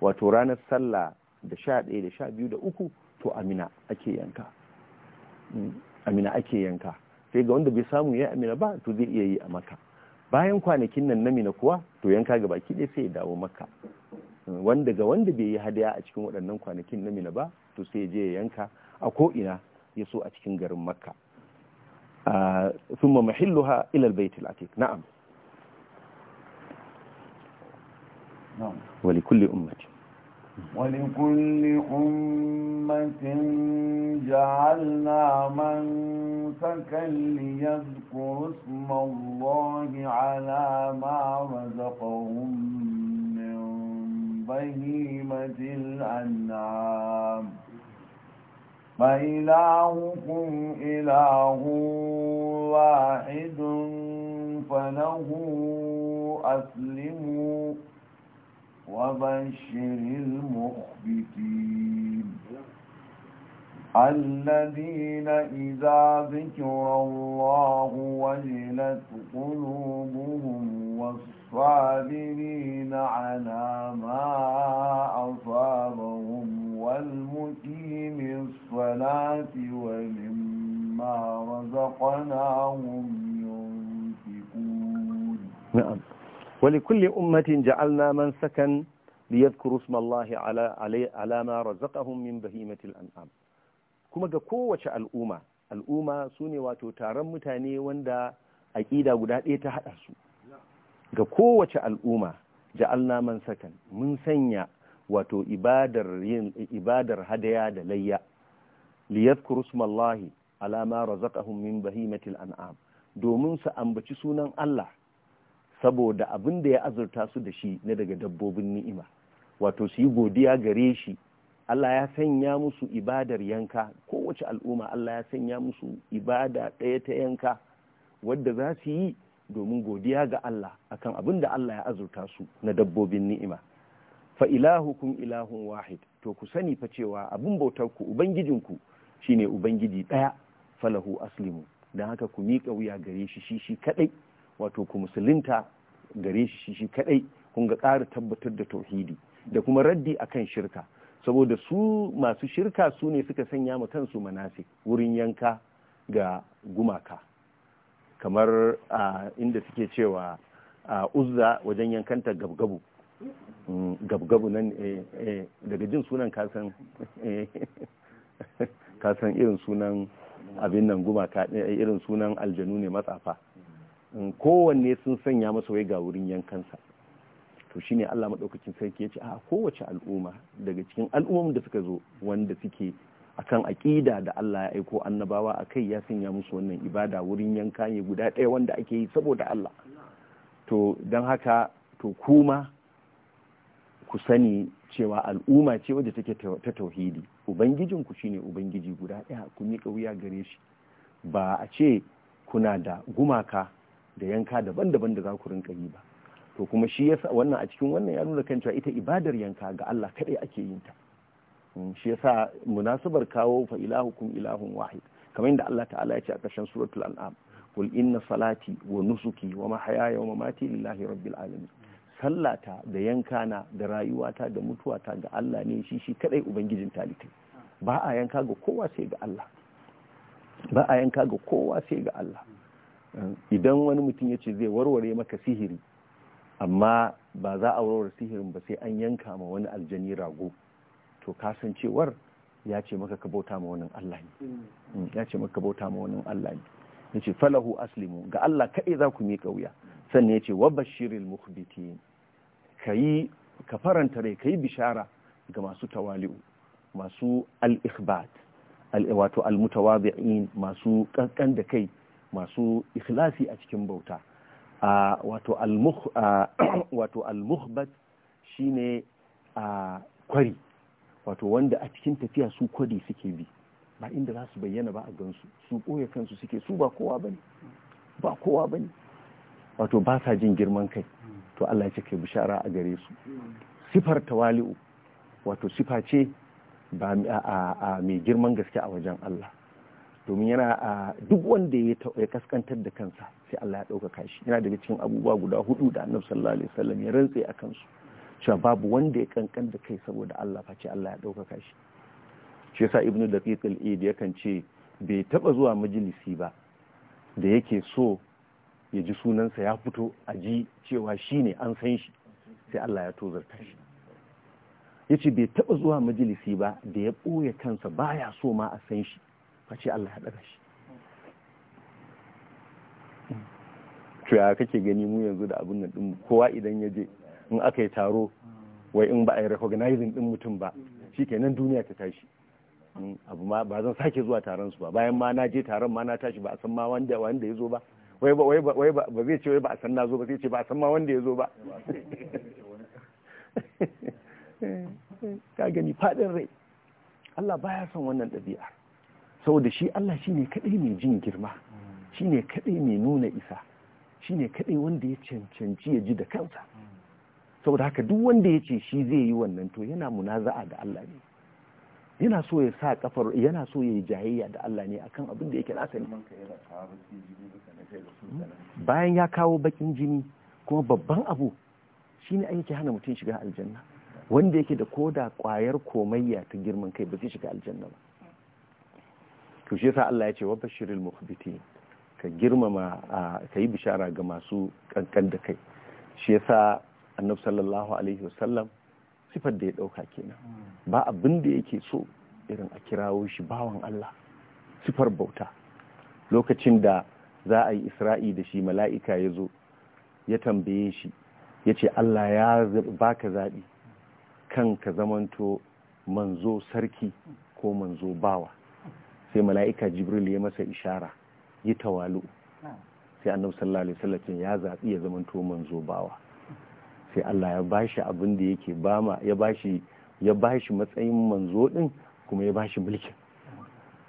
wato ranar sallah da sha ɗaya da sha biyu da uku to amina ake yanka amina ake yanka sai ga wanda bai samu ya amina ba to zai iya yi a maka bayan kwanakin nan namina kuwa to yanka ga baki ɗaya sai ya dawo maka wanda ga wanda bai yi hadaya a cikin waɗannan kwanakin namina ba to sai ya je ya yanka a ko ina ya so a cikin garin makka ثم محلها إلى البيت na'am wa likulli أمتي ولكل أمة جعلنا منسكا ليذكر اسم الله على ما رزقهم من بهيمة الأنعام فإلهكم إله واحد فله أسلموا وبشر المخبتين الذين إذا ذكر الله وجلت قلوبهم والصابرين على ما أصابهم والمقيم الصلاة ومما رزقناهم ينفقون نعم ولكل أمة جعلنا من سكن ليذكروا اسم الله على, علي, على ما رزقهم من بهيمة الأنعام كما قوة الأمة الأمة سوني واتو تارم متاني واندا أكيدا قدات يتحدث ga kowace al'umma ja'alna man sakan mun sanya wato ibadar yin ibadar hadaya da layya liyadhkuru smallahi ala ma razaqahum min bahimatil an'am domin su ambaci sunan Allah saboda abin da ya azurta su da shi na daga dabbobin ni'ima wato su yi godiya gare shi Allah ya sanya musu ibadar yanka kowace al'umma Allah ya sanya musu ibada ɗaya ta yanka wadda za su yi domin godiya ga Allah akan abin da Allah ya azurta su na dabbobin ni'ima fa ilahukum ilahun wahid to ku sani fa cewa abin bautar ku ubangijinku shine ubangiji ɗaya falahu aslimu dan haka ku miƙa wuya gare shi shi shi kaɗai wato ku musulunta gare shi shi kadai kun ga ƙara tabbatar da tauhidi da kuma raddi akan shirka saboda su masu shirka su ne suka sanya ma kansu manasik wurin yanka ga gumaka kamar inda suke cewa uzza wajen yankanta gabgabu mm, gabgabu nan eh, eh, daga jin sunan kasan eh, kasan irin sunan abin nan gumaka irin sunan aljanu ne matsafa kowanne sun sanya masa wai ga wurin yankansa to shine Allah madaukakin sarki ya ce a kowace al'umma daga cikin al'ummomin da suka zo wanda suke akan aƙida da Allah ya aiko annabawa a kai ya sanya musu wannan ibada wurin yanka ne guda ɗaya wanda ake yi saboda Allah to don haka to kuma ku sani cewa al'umma ce wadda take ta tauhidi ubangijin ku shine ubangiji guda ɗaya ku miƙa wuya gare shi ba a ce kuna da gumaka da yanka daban-daban da za ku rinka yi ba to kuma shi yasa wannan a cikin wannan ya nuna kan cewa ita ibadar yanka ga Allah kadai ake yin ta mm, shi yasa munasabar kawo fa kum ilahun wahid kamar yadda Allah ta'ala ya ce a ƙarshen suratul an'am qul inna salati wa nusuki wa mahayaya wa mamati lillahi rabbil alamin sallata da yanka na da rayuwata da mutuwata ga Allah ne shi shi kadai ubangijin talikai ba a yanka ga kowa sai ga Allah ba a yanka ga kowa sai ga Allah idan wani mutum ya ce zai warware maka sihiri amma ba za a warware sihirin ba sai an yanka ma wani aljani rago to kasancewar ya ce maka ka bauta ma wani Allah ne mm, ya ce maka bauta ma wani Allah ne ya ce falahu aslimu ga Allah kaɗai za ku miƙa wuya sannan ya ce wa bashiril muhbiti. ka yi ka faranta rai ka yi bishara ga masu tawali'u masu al-ikhbat wato al-mutawadi'in masu kankan da kai masu ikhlasi a cikin bauta wato al shi shine kwari wato wanda a cikin tafiya su kwari suke bi ba inda za su bayyana ba a gansu su ɓoye kansu suke su ba kowa bane ba kowa bane wato ba sa jin girman kai to Allah ce kai bishara a gare su sifar tawali'u wato sifa ce ba a mai girman gaske a wajen Allah domin yana a duk wanda ya kaskantar da kansa sai Allah ya ɗaukaka shi yana daga cikin abubuwa guda hudu da annabi sallallahu alaihi wasallam ya rantse a kansu cewa babu wanda ya kankan da kai saboda Allah ce Allah ya ɗaukaka shi shi yasa ibnu daqiq al-id yakan ce bai taba zuwa majalisi ba da yake so ya ji sunansa ya fito a ji cewa shi ne an san shi sai Allah ya tozarta shi ya bai taɓa zuwa majalisi ba da ya ɓoye kansa baya so ma a san shi a ce Allah ya shi to ya kake gani mu yanzu da abin nan din kowa idan ya je in aka yi taro wai in ba a yi recognizing ɗin mutum ba shi kenan duniya ta tashi abu ma ba zan sake zuwa taron su ba bayan ma na je taron ma na tashi ba a san ma wanda wanda ya zo ba wai ba wai ba zai ce wai ba a san na zo ba zai ce ba a san ma wanda ya zo ba ka gani fadin rai Allah baya son wannan ɗabi'ar saboda shi Allah shi ne kadai mai jin girma shi ne kadai mai nuna isa shi ne kadai wanda ya cancanci ya ji da kansa saboda haka duk wanda ya ce shi zai yi wannan to yana munaza'a da Allah ne yana so ya sa kafar yana so ya yi jayayya da Allah ne akan abin da yake nasa bayan ya kawo bakin jini kuma babban abu shi ne yake hana mutum shiga aljanna wanda yake da koda kwayar komayya ta girman kai ba zai shiga aljanna ba to shi yasa Allah ya ce wa bashirul mukhbitin ka girmama ka yi bishara ga masu kankan da kai shi yasa annabi sallallahu alaihi wasallam sifar da ya dauka kenan ba abin da yake so irin a kirawo shi bawan Allah sifar bauta lokacin da za a yi isra'i da shi mala'ika ya zo ya tambaye shi ya ce Allah ya baka zaɓi kan ka zamanto manzo sarki ko manzo bawa sai mala'ika jibril ya masa ishara yi tawalu sai annabi sallallahu alaihi wasallam ya zabi ya zama to manzo bawa sai Allah ya bashi abin da yake bama ya bashi ya bashi matsayin manzo din kuma ya bashi mulkin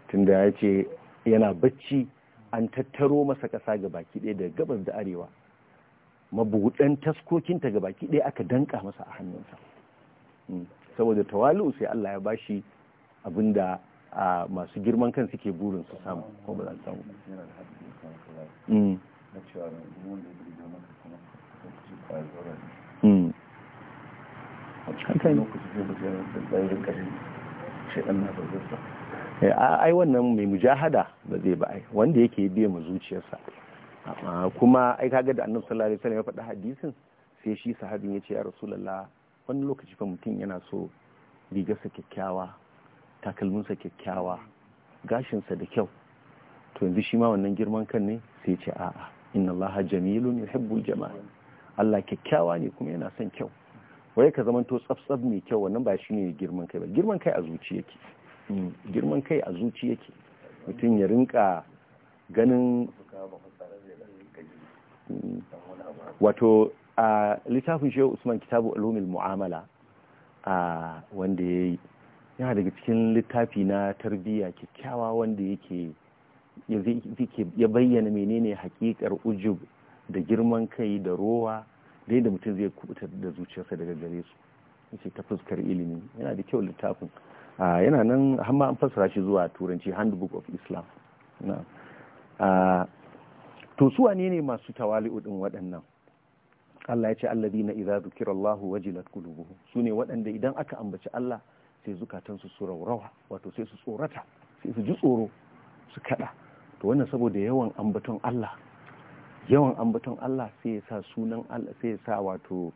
tunda ya ce yana bacci an tattaro masa ƙasa ga baki ɗaya daga gabas da arewa mabuɗan taskokinta ga baki ɗaya aka danka masa a hannunsa hmm. saboda tawalu sai Allah ya bashi abin da a masu girman kan suke burin su samu ko ba za su samu mm. Mm. Eh, ai wannan mai mujahada ba zai ba ai wanda yake biya mu zuciyarsa kuma ai kaga da annabi sallallahu alaihi wasallam ya faɗa hadisin sai shi sahabin ya ce ya rasulullah wani lokaci fa mutum yana so rigarsa kyakkyawa takalminsa kyakkyawa gashinsa da kyau to yanzu shi ma wannan girman kan ne sai ce a'a inna allaha jamilun yuhibbul jamal Allah kyakkyawa ne kuma yana son kyau wai ka zaman to tsaf mai kyau wannan ba shine girman kai ba girman kai a zuci yake mm, girman kai a zuci yake mutum ya rinka ganin wato a littafin shehu usman kitabu ulumul mu'amala a wanda yayi yana daga cikin littafi na tarbiyya kyakkyawa wanda yake ya bayyana menene hakikar ujub da girman kai da rowa da yadda mutum zai kubutar da zuciyarsa daga gare su yace ta fuskar ilimi yana da kyau littafin yana nan hamma an fassara shi zuwa turanci handbook of islam to su wane ne masu tawali'u din waɗannan Allah ya ce alladina idza zukira Allah wajilat qulubuhum sune waɗanda idan aka ambaci Allah sai zukatansu su raurawa wato sai su tsorata sai su ji tsoro su kada to wannan saboda yawan ambaton Allah yawan ambaton Allah sai ya sa sunan Allah sai ya sa wato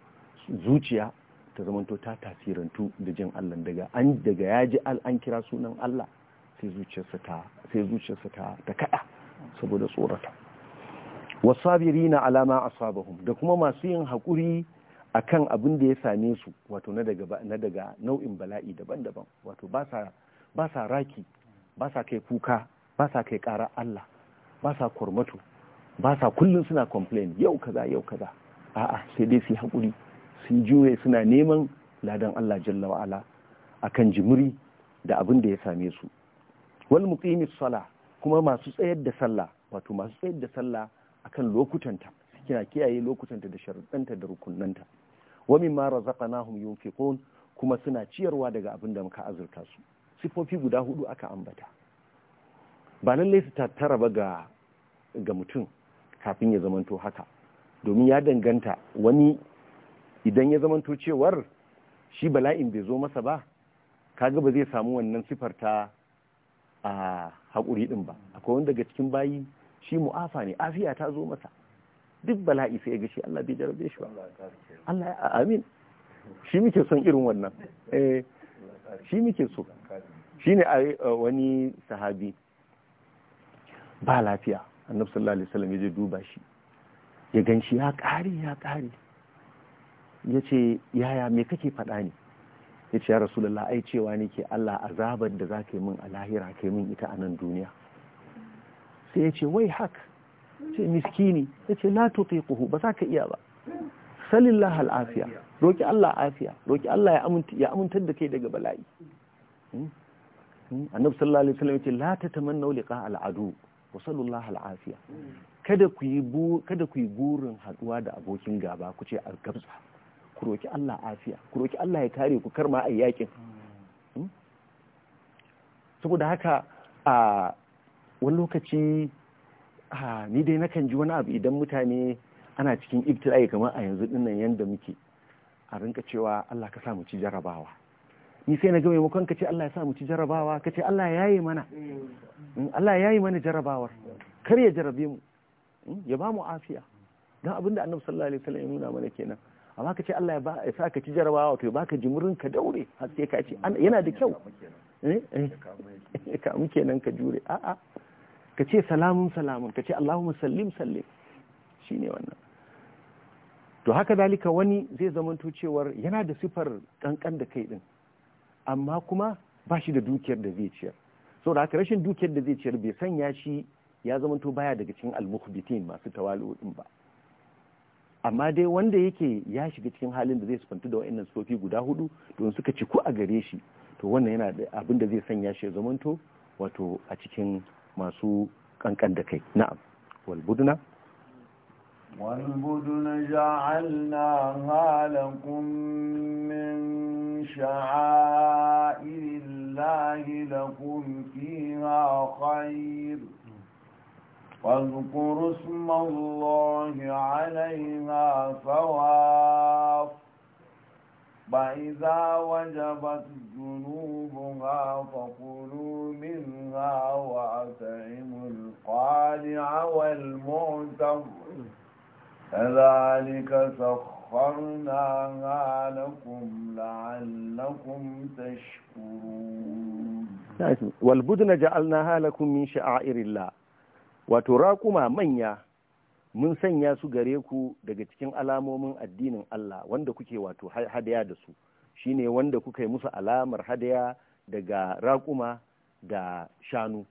zuciya ta zamanto ta tasirantu da jin Allah daga an daga yaji al an kira sunan Allah sai zuciyarsa ta sai zuciyarsa ta ta kada saboda tsorata wasabirina alama asabahum da kuma masu yin hakuri akan abin da ya same su wato na daga nau'in bala'i daban-daban wato ba sa raki ba sa kai kuka ba sa kai ƙara Allah ba sa kurmato ba sa kullum suna complain yau kaza yau kaza a'a sai dai su haƙuri sun juye suna neman ladan Allah jalla wa'ala akan jimiri da abin da ya same su wal muqimis sala kuma masu tsayar da sallah wato masu tsayar da sallah akan lokutanta kina kiyaye lokutanta da sharuɗanta da rukunanta wa ma razaqnahum yunfiqun kuma suna ciyarwa daga abin da muka azurta su sifofi guda hudu aka ambata ba lallai su tattara ba ga ga mutum kafin ya zamanto haka domin ya danganta wani idan ya zamanto cewar shi bala'in bai zo masa ba kaga ba zai samu wannan sifar ta a haƙuri ɗin ba akwai wanda daga cikin bayi shi mu'afa ne afiya ta zo masa duk bala'i sai ga shi Allah bai jarabe shi ba Allah amin shi muke son irin wannan eh shi muke so shine eh, wani sahabi ba lafiya annabi sallallahu alaihi wasallam ya je duba shi ya gan shi ya kare ya kare. ya ce yaya me kake faɗa ne ya ce ya rasulullah ai cewa ne ke Allah azabar da za ka yi min a lahira ka yi min ita a nan duniya sai ya ce wai haka ce miskini ya ce la kuhu ba za ka iya ba lahal al'afiya Roƙi Allah afiya Roƙi Allah ya aminta amintar da kai daga bala'i hmm? Hmm? annabi sallallahu alaihi wasallam ya ce la tatamannu liqa al'adu wa sallallahu ko kada ku yi kada ku yi gurin haduwa da abokin gaba ku ce gabsa ku roki Allah afiya ku roki Allah ya kare ku karma a yakin hmm? saboda haka a wani lokaci ni dai nakan ji wani abu idan mutane ana cikin ibtila'i kamar a yanzu dinnan yanda muke a rinka cewa Allah ka sa mu ci jarabawa ni sai na ga maimakon ka ce Allah ya sa mu ci jarabawa ka ce Allah ya yi mana mm. Mm, Allah ya yi mana jarabawar kar ya jarabe mu mm, ya ba mu afiya don abin da annabi sallallahu alaihi wasallam ya nuna mana kenan amma ka ce Allah ya ba sa ka ci jarabawa to ya baka jimurin ka daure har sai ka ce yana da kyau eh eh ka mu kenan ka jure a'a ka ce salamun salamun ka ce Allahumma sallim sallim ne wannan to haka dalika wani zai zamanto cewar yana da sifar kankan da kai din amma kuma ba shi da dukiyar da zai ciyar da haka rashin dukiyar da zai ciyar bai sanya shi ya zamanto baya daga cikin almukhbitin masu tawali'u din ba amma dai wanda yake ya shiga cikin halin da zai sufantu da wa'annan sofi guda hudu to suka ci ko a gare shi to wannan yana da abin da zai sanya shi ya zamanto wato a cikin masu kankan da kai na'am walbudna والبدن جعلناها لكم من شعائر الله لكم فيها خير واذكروا اسم الله عليها فواف فإذا وجبت جنوبها فكلوا منها وأطعموا القانع والمعتر كذلك سخرناها لكم لعلكم تشكرون والبدن جعلناها لكم من شعائر الله وتراكما من يا mun sanya su gare ku daga cikin alamomin addinin Allah wanda kuke wato hadaya da su shine wanda kuka yi musu alamar hadaya daga raƙuma da shanu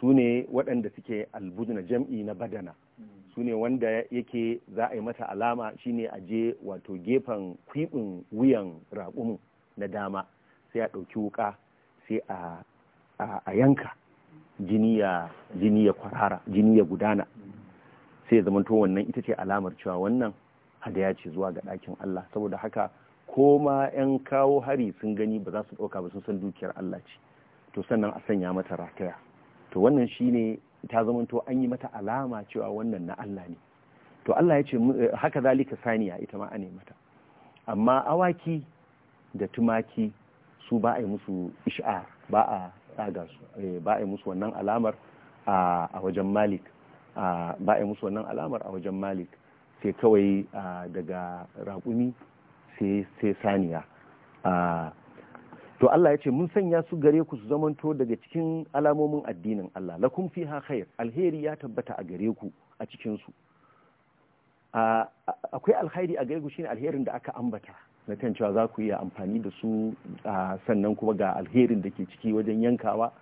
su ne waɗanda suke albuna jam'i na badana su ne wanda yake za a yi mata alama shine a je wato gefen kwiɓin wuyan raƙumin na dama sai a ɗauki wuƙa sai a yanka jini ya kwarara jini ya gudana sai ya to wannan ita ce alamar cewa wannan hadaya ce zuwa ga ɗakin Allah saboda haka ko ma 'yan kawo hari sun gani ba za su ɗauka ba sun san dukiyar Allah ce to sannan a sanya mata rataya to wannan shine ta zamanto an yi mata alama cewa wannan na Allah ne to Allah ya ce haka zalika saniya ita ma ne mata amma awaki da tumaki su ba a yi musu isha ba a tsaga su eh, ba a yi musu wannan alamar a wajen malik ba a musu wannan alamar a wajen malik sai kawai daga raƙumi sai saniya to Allah ya ce mun sanya su gare ku su zamanto daga cikin alamomin addinin Allah lakum ha khair alheri ya tabbata a gare ku a cikin su akwai alheri a gare ku shine alherin da aka ambata na kan cewa za ku iya amfani da su sannan kuma ga alherin da ke ciki wajen yankawa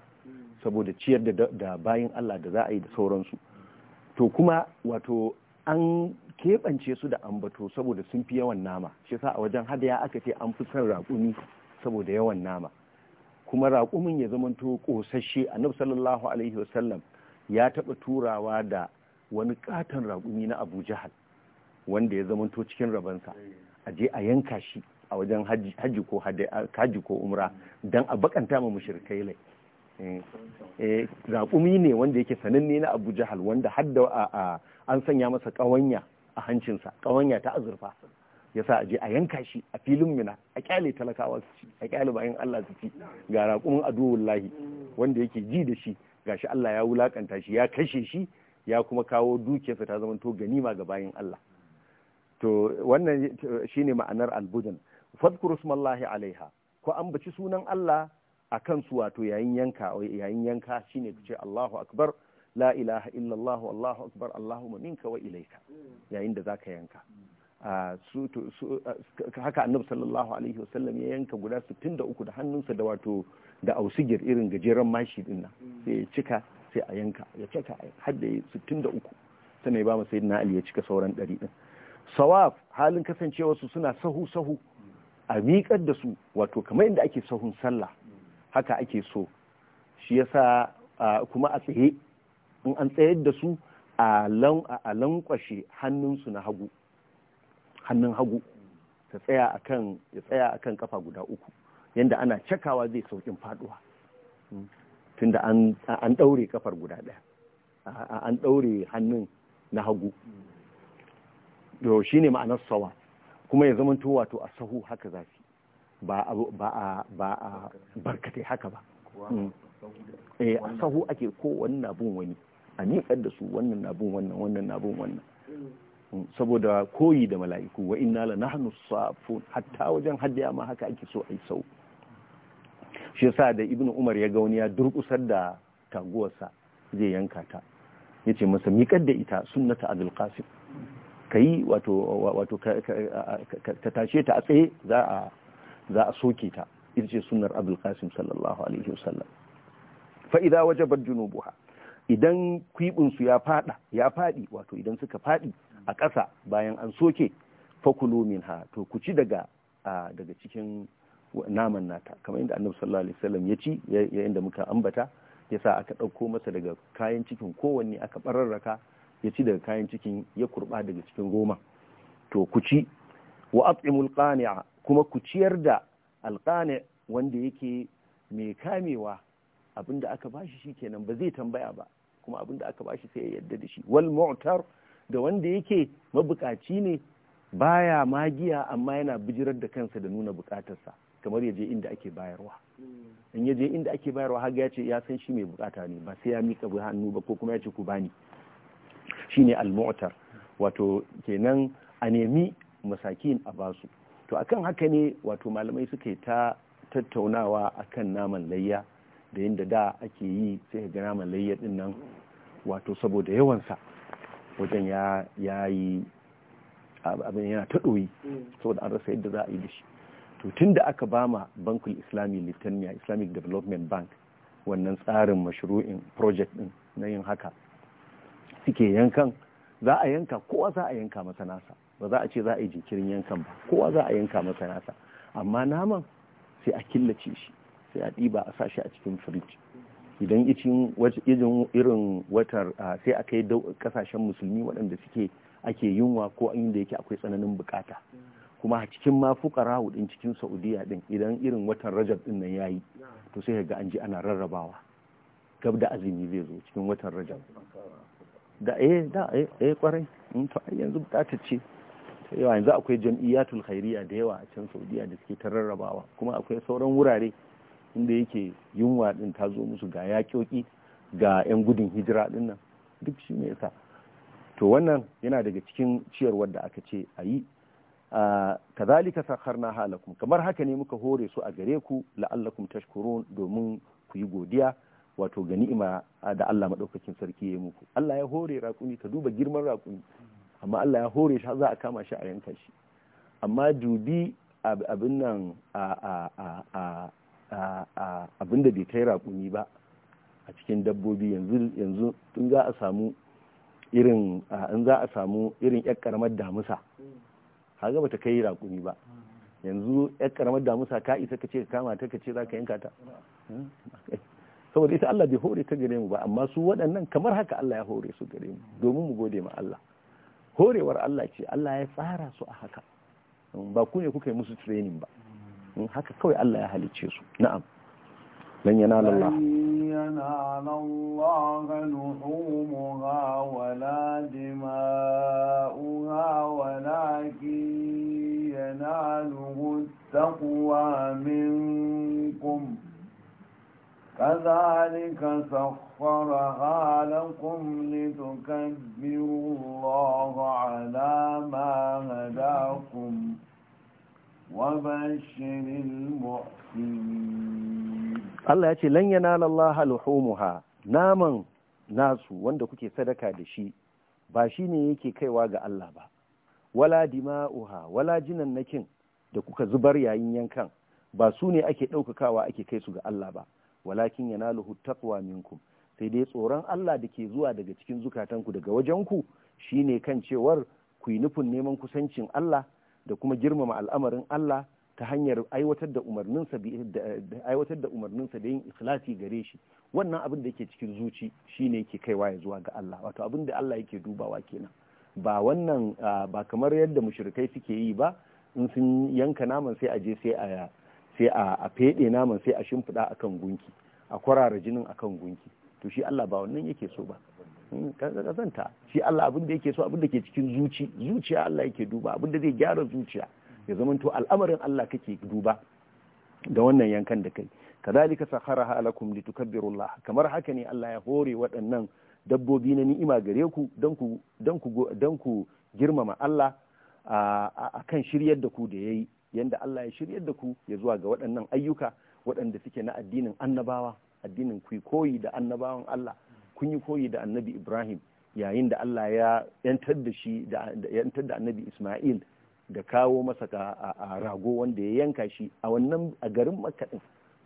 saboda ciyar da bayin Allah da za a yi da sauransu to kuma wato an keɓance su da ambato saboda sun fi yawan nama shi sa a wajen hadaya aka ce an fi son raƙumi saboda yawan nama kuma raƙumin ya zamanto ƙosashe annabi sallallahu alaihi wasallam ya taɓa turawa da wani katon raƙumi na abu jahal wanda ya zamanto cikin rabansa a je a yanka shi a wajen hajji ko umra don a bakanta ma mushrikai lai zaƙumi eh, ne wanda yake sananne na abu jihal wanda hadda an sanya masa ƙawanya a hancinsa ƙawanya ta azurfa ya sa aje a yanka shi a filin mina a kyale talakawa su ci a kyale bayan Allah su ci ga raƙumin aduwar lahi wanda yake ji da shi gashi Allah ya wulakanta shi ya kashe shi ya kuma kawo dukiyarsa ta zama to ganima ga bayan Allah to wannan shine ma'anar albudan fadkur usmallahi alaiha ko an baci sunan Allah a kansu wato yayin yanka yayin yanka shine ka ce Allahu akbar la ilaha illallah Allahu akbar Allahumma minka wa ilaika yayin da zaka yanka su haka annabi sallallahu alaihi wasallam ya yanka guda 63 da hannunsa da wato da ausigir irin gajeren mashi din nan sai ya cika sai a yanka ya cika har da 63 sai ya ba mu sayyidina Ali ya cika sauran 100 din sawaf halin kasancewa su suna sahu sahu a miƙar da su wato kamar inda ake sahun sallah haka ake so shi yasa kuma a tsaye in an tsayar da su a lankwashe hannunsu na hagu hannun hagu ta tsaya ya tsaya akan kafa guda uku yadda ana cakawa zai saukin faduwa tunda an daure kafar guda daya an daure hannun na hagu shi ne ma'anar sawa kuma ya zamanto wato a sahu haka zafi ba a barkatai haka ba a mm. eh, sahu ake ko wani bin wani a miƙar da su wannan na wannan wannan na wannan mm, saboda koyi da mala'iku wa inna la nahnu safun hatta wajen hajjiya ma haka ake so ai sau shi yasa da ibnu umar ya ga wani ya durkusar da taguwarsa zai yanka ta yace masa miƙar da ita sunnata abul qasim kai wato wato ka tashe ta a tsaye za a za a soke ta ita ce sunnar abul qasim sallallahu alaihi wasallam fa idza wajabat junubuha idan kwibin su ya fada ya fadi wato idan suka fadi a ƙasa bayan an soke fakulu minha to ku ci daga daga cikin naman nata kamar inda annabi sallallahu alaihi wasallam ya ci inda muka ambata ya sa aka ɗauko masa daga kayan cikin kowanne aka ɓararraka, ya ci daga kayan cikin ya kurɓa daga cikin goma to ku ci wa al qani'a kuma ku ciyar da alqani wanda yake mai kamewa abinda aka bashi kenan ba zai tambaya ba kuma abinda aka bashi sai ya yarda da shi wal mu'tar da wanda yake mabukaci ne baya magiya amma yana bijirar da kansa da nuna bukatarsa kamar yaje je inda ake bayarwa hmm. in yaje inda ake bayarwa haga ya ce ya san shi mai bukata ne ba sai ya mika hannu ba ko kuma ya ce ku bani shine al-mu'tar wato kenan a nemi masakin a basu to akan haka ne wato malamai suka ta tattaunawa akan naman layya da yadda da ake yi sai ga naman layya din nan wato saboda yawansa wajen ya yi abin yana ta ɗoyi saboda an rasa yadda za a yi da shi to tun da aka bama bankul islami litania islamic development bank wannan tsarin mashru'in project din na yin haka suke yankan za a yanka kowa za a yanka masa nasa ba za a ce za a yi jinkirin yankan ba kowa za a yanka masa nasa amma naman sai a killace shi sai a ɗiba a sa sashi a cikin firij idan ijin irin watar sai a kai kasashen musulmi waɗanda suke ake yunwa ko an da yake akwai tsananin bukata kuma a cikin ma fukara din cikin saudiya din idan irin watan rajab din nan yayi to sai ga an ji ana rarrabawa gab da azumi zai zo cikin watan rajab da eh da eh kwarai eh, hmm, to yanzu bukata ce yawa yanzu akwai jam'iyyatul khairiyya da yawa a can saudiya da suke ta rarrabawa kuma akwai sauran wurare inda yake yunwa din ta zo musu ga yaƙoƙi ga 'yan gudun hijira din nan duk shi ne yasa to wannan yana daga cikin ciyarwar da aka ce a yi kazalika sakharna halakum kamar haka ne muka hore su a gare ku la'allakum tashkurun domin ku yi godiya wato ga ni'ima da Allah madaukakin sarki ya yi muku Allah ya hore raƙumi ka duba girman raƙumi amma Allah ya hore shi za a kama shi a yanka shi amma dubi abin nan abin da bai kai raƙumi ba a cikin dabbobi yanzu tun za a samu irin in za a samu irin yar karamar damusa kaga bata kai raƙumi ba yanzu yar karamar damusa ka isa ka ce ka kama ta ka ce za ka yanka ta saboda ita Allah bai hore ta gare mu ba amma su waɗannan kamar haka Allah ya hore su gare mu domin mu gode ma Allah horewar Allah ce Allah ya tsara su a haka ba ku ne kuka yi musu training ba haka kawai Allah ya halicce su na'am lan yanala Allah yanala Allah ga wala ki yana lugu taqwa minkum كذلك سخرها لكم لتكبروا الله على ما هداكم وبشر المحسنين الله يقول لن ينال الله لحومها ناما nasu wanda kuke sadaka da shi ba shi yake kaiwa ga Allah ba wala dima'uha wala jinan da kuka zubar yayin yankan ba su ne ake ɗaukakawa ake kai su ga Allah ba walakin yanaluhu taqwa minkum sai dai tsoron Allah da ke zuwa daga cikin zukatanku daga wajen ku shine kan cewar ku yi nufin neman kusancin Allah da kuma girmama al'amarin Allah ta hanyar aiwatar da umarninsa aiwatar da umarninsa da yin ikhlasi gare shi wannan abin da yake cikin zuci shine yake kaiwa ya zuwa ga Allah wato abin da Allah yake dubawa kenan ba wannan ba kamar yadda mushrikai suke yi ba in sun yanka naman sai a je sai a sai a feɗe naman sai a shimfiɗa akan gunki a kwarara jinin akan gunki to shi Allah ba wannan yake so ba hmm, kazanta shi Allah abin da yake so abin da ke cikin zuci zuciya Allah yake duba abin da zai gyara zuciya ya zama to al'amarin Allah kake duba da wannan yankan da kai kadhalika sakharaha lakum litukabbirullah kamar haka ne Allah ya hore waɗannan dabbobi na ni'ima gare ku dan ku dan ku dan ku girmama Allah a kan shiryar da ku da yayi yanda Allah ya shiryar da ku ya zuwa ga waɗannan ayyuka waɗanda suke na addinin annabawa addinin ku koyi da annabawan Allah kun yi koyi da annabi Ibrahim yayin da Allah ya yantar da shi da yantar da annabi Ismail da kawo masa a rago wanda ya yanka shi a wannan a garin Makka din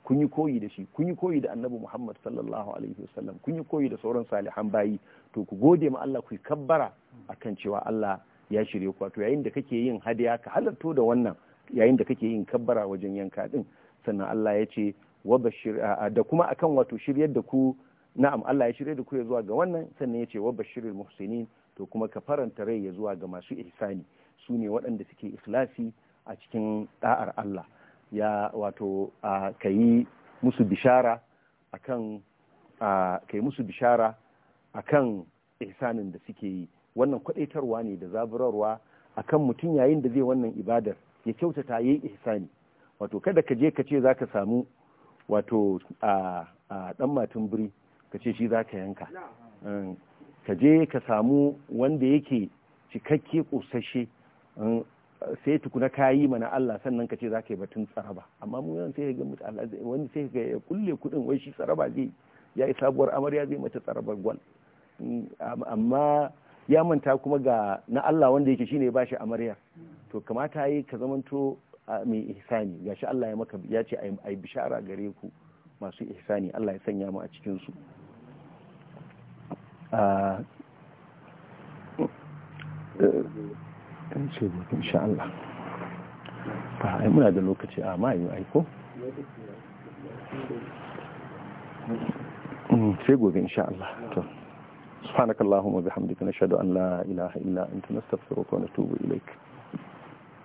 kun yi koyi da shi kun yi koyi da annabi Muhammad sallallahu alaihi wasallam kun yi koyi da sauran salihan bayi to ku gode ma Allah ku kabbara akan cewa Allah ya shirye ku to yayin da kake yin hadiya ka halarto da wannan yayin da kake yin kabbara wajen yanka din sannan Allah ya ce wa bashir da kuma akan wato shiryar da ku na'am Allah ya shirye da ku ya zuwa ga wannan sannan ya ce wa bashirul muhsinin to kuma ka faranta rai ya zuwa ga masu ihsani su ne waɗanda suke ikhlasi a cikin da'ar Allah ya wato ka yi musu bishara akan ka yi musu bishara akan ihsanin da suke yi wannan kwadaitarwa ne da zaburarwa akan mutum yayin da zai wannan ibadar ya kyautata ya yi ihsani wato kada ka je ka ce za ka samu wato a dan matan biri ka ce shi za ka yanka eh, ka je ka samu wanda yake cikakke kusashe eh, sai tukuna kayi mana Allah sannan ka ce za ka yi batun tsaraba amma mu yawan sai ga mutane wani sai ga ya kulle kudin wai shi tsaraba zai ya yi sabuwar amarya zai mata tsarabar gwal mm, amma ya manta kuma ga na Allah wanda yake shine ya bashi amaryar to kamata yi ka zamanto mai ihsani ga shi Allah ya maka ya ce ai bishara gare ku masu ihsani Allah ya sanya mu a cikin su eh, insha Allah ba ai muna da lokaci a ma yi aiko mm, sai gobe insha Allah to سبحانك اللهم وبحمدك نشهد la لا illa anta nastaghfiruka نستغفرك ونتوب ilaik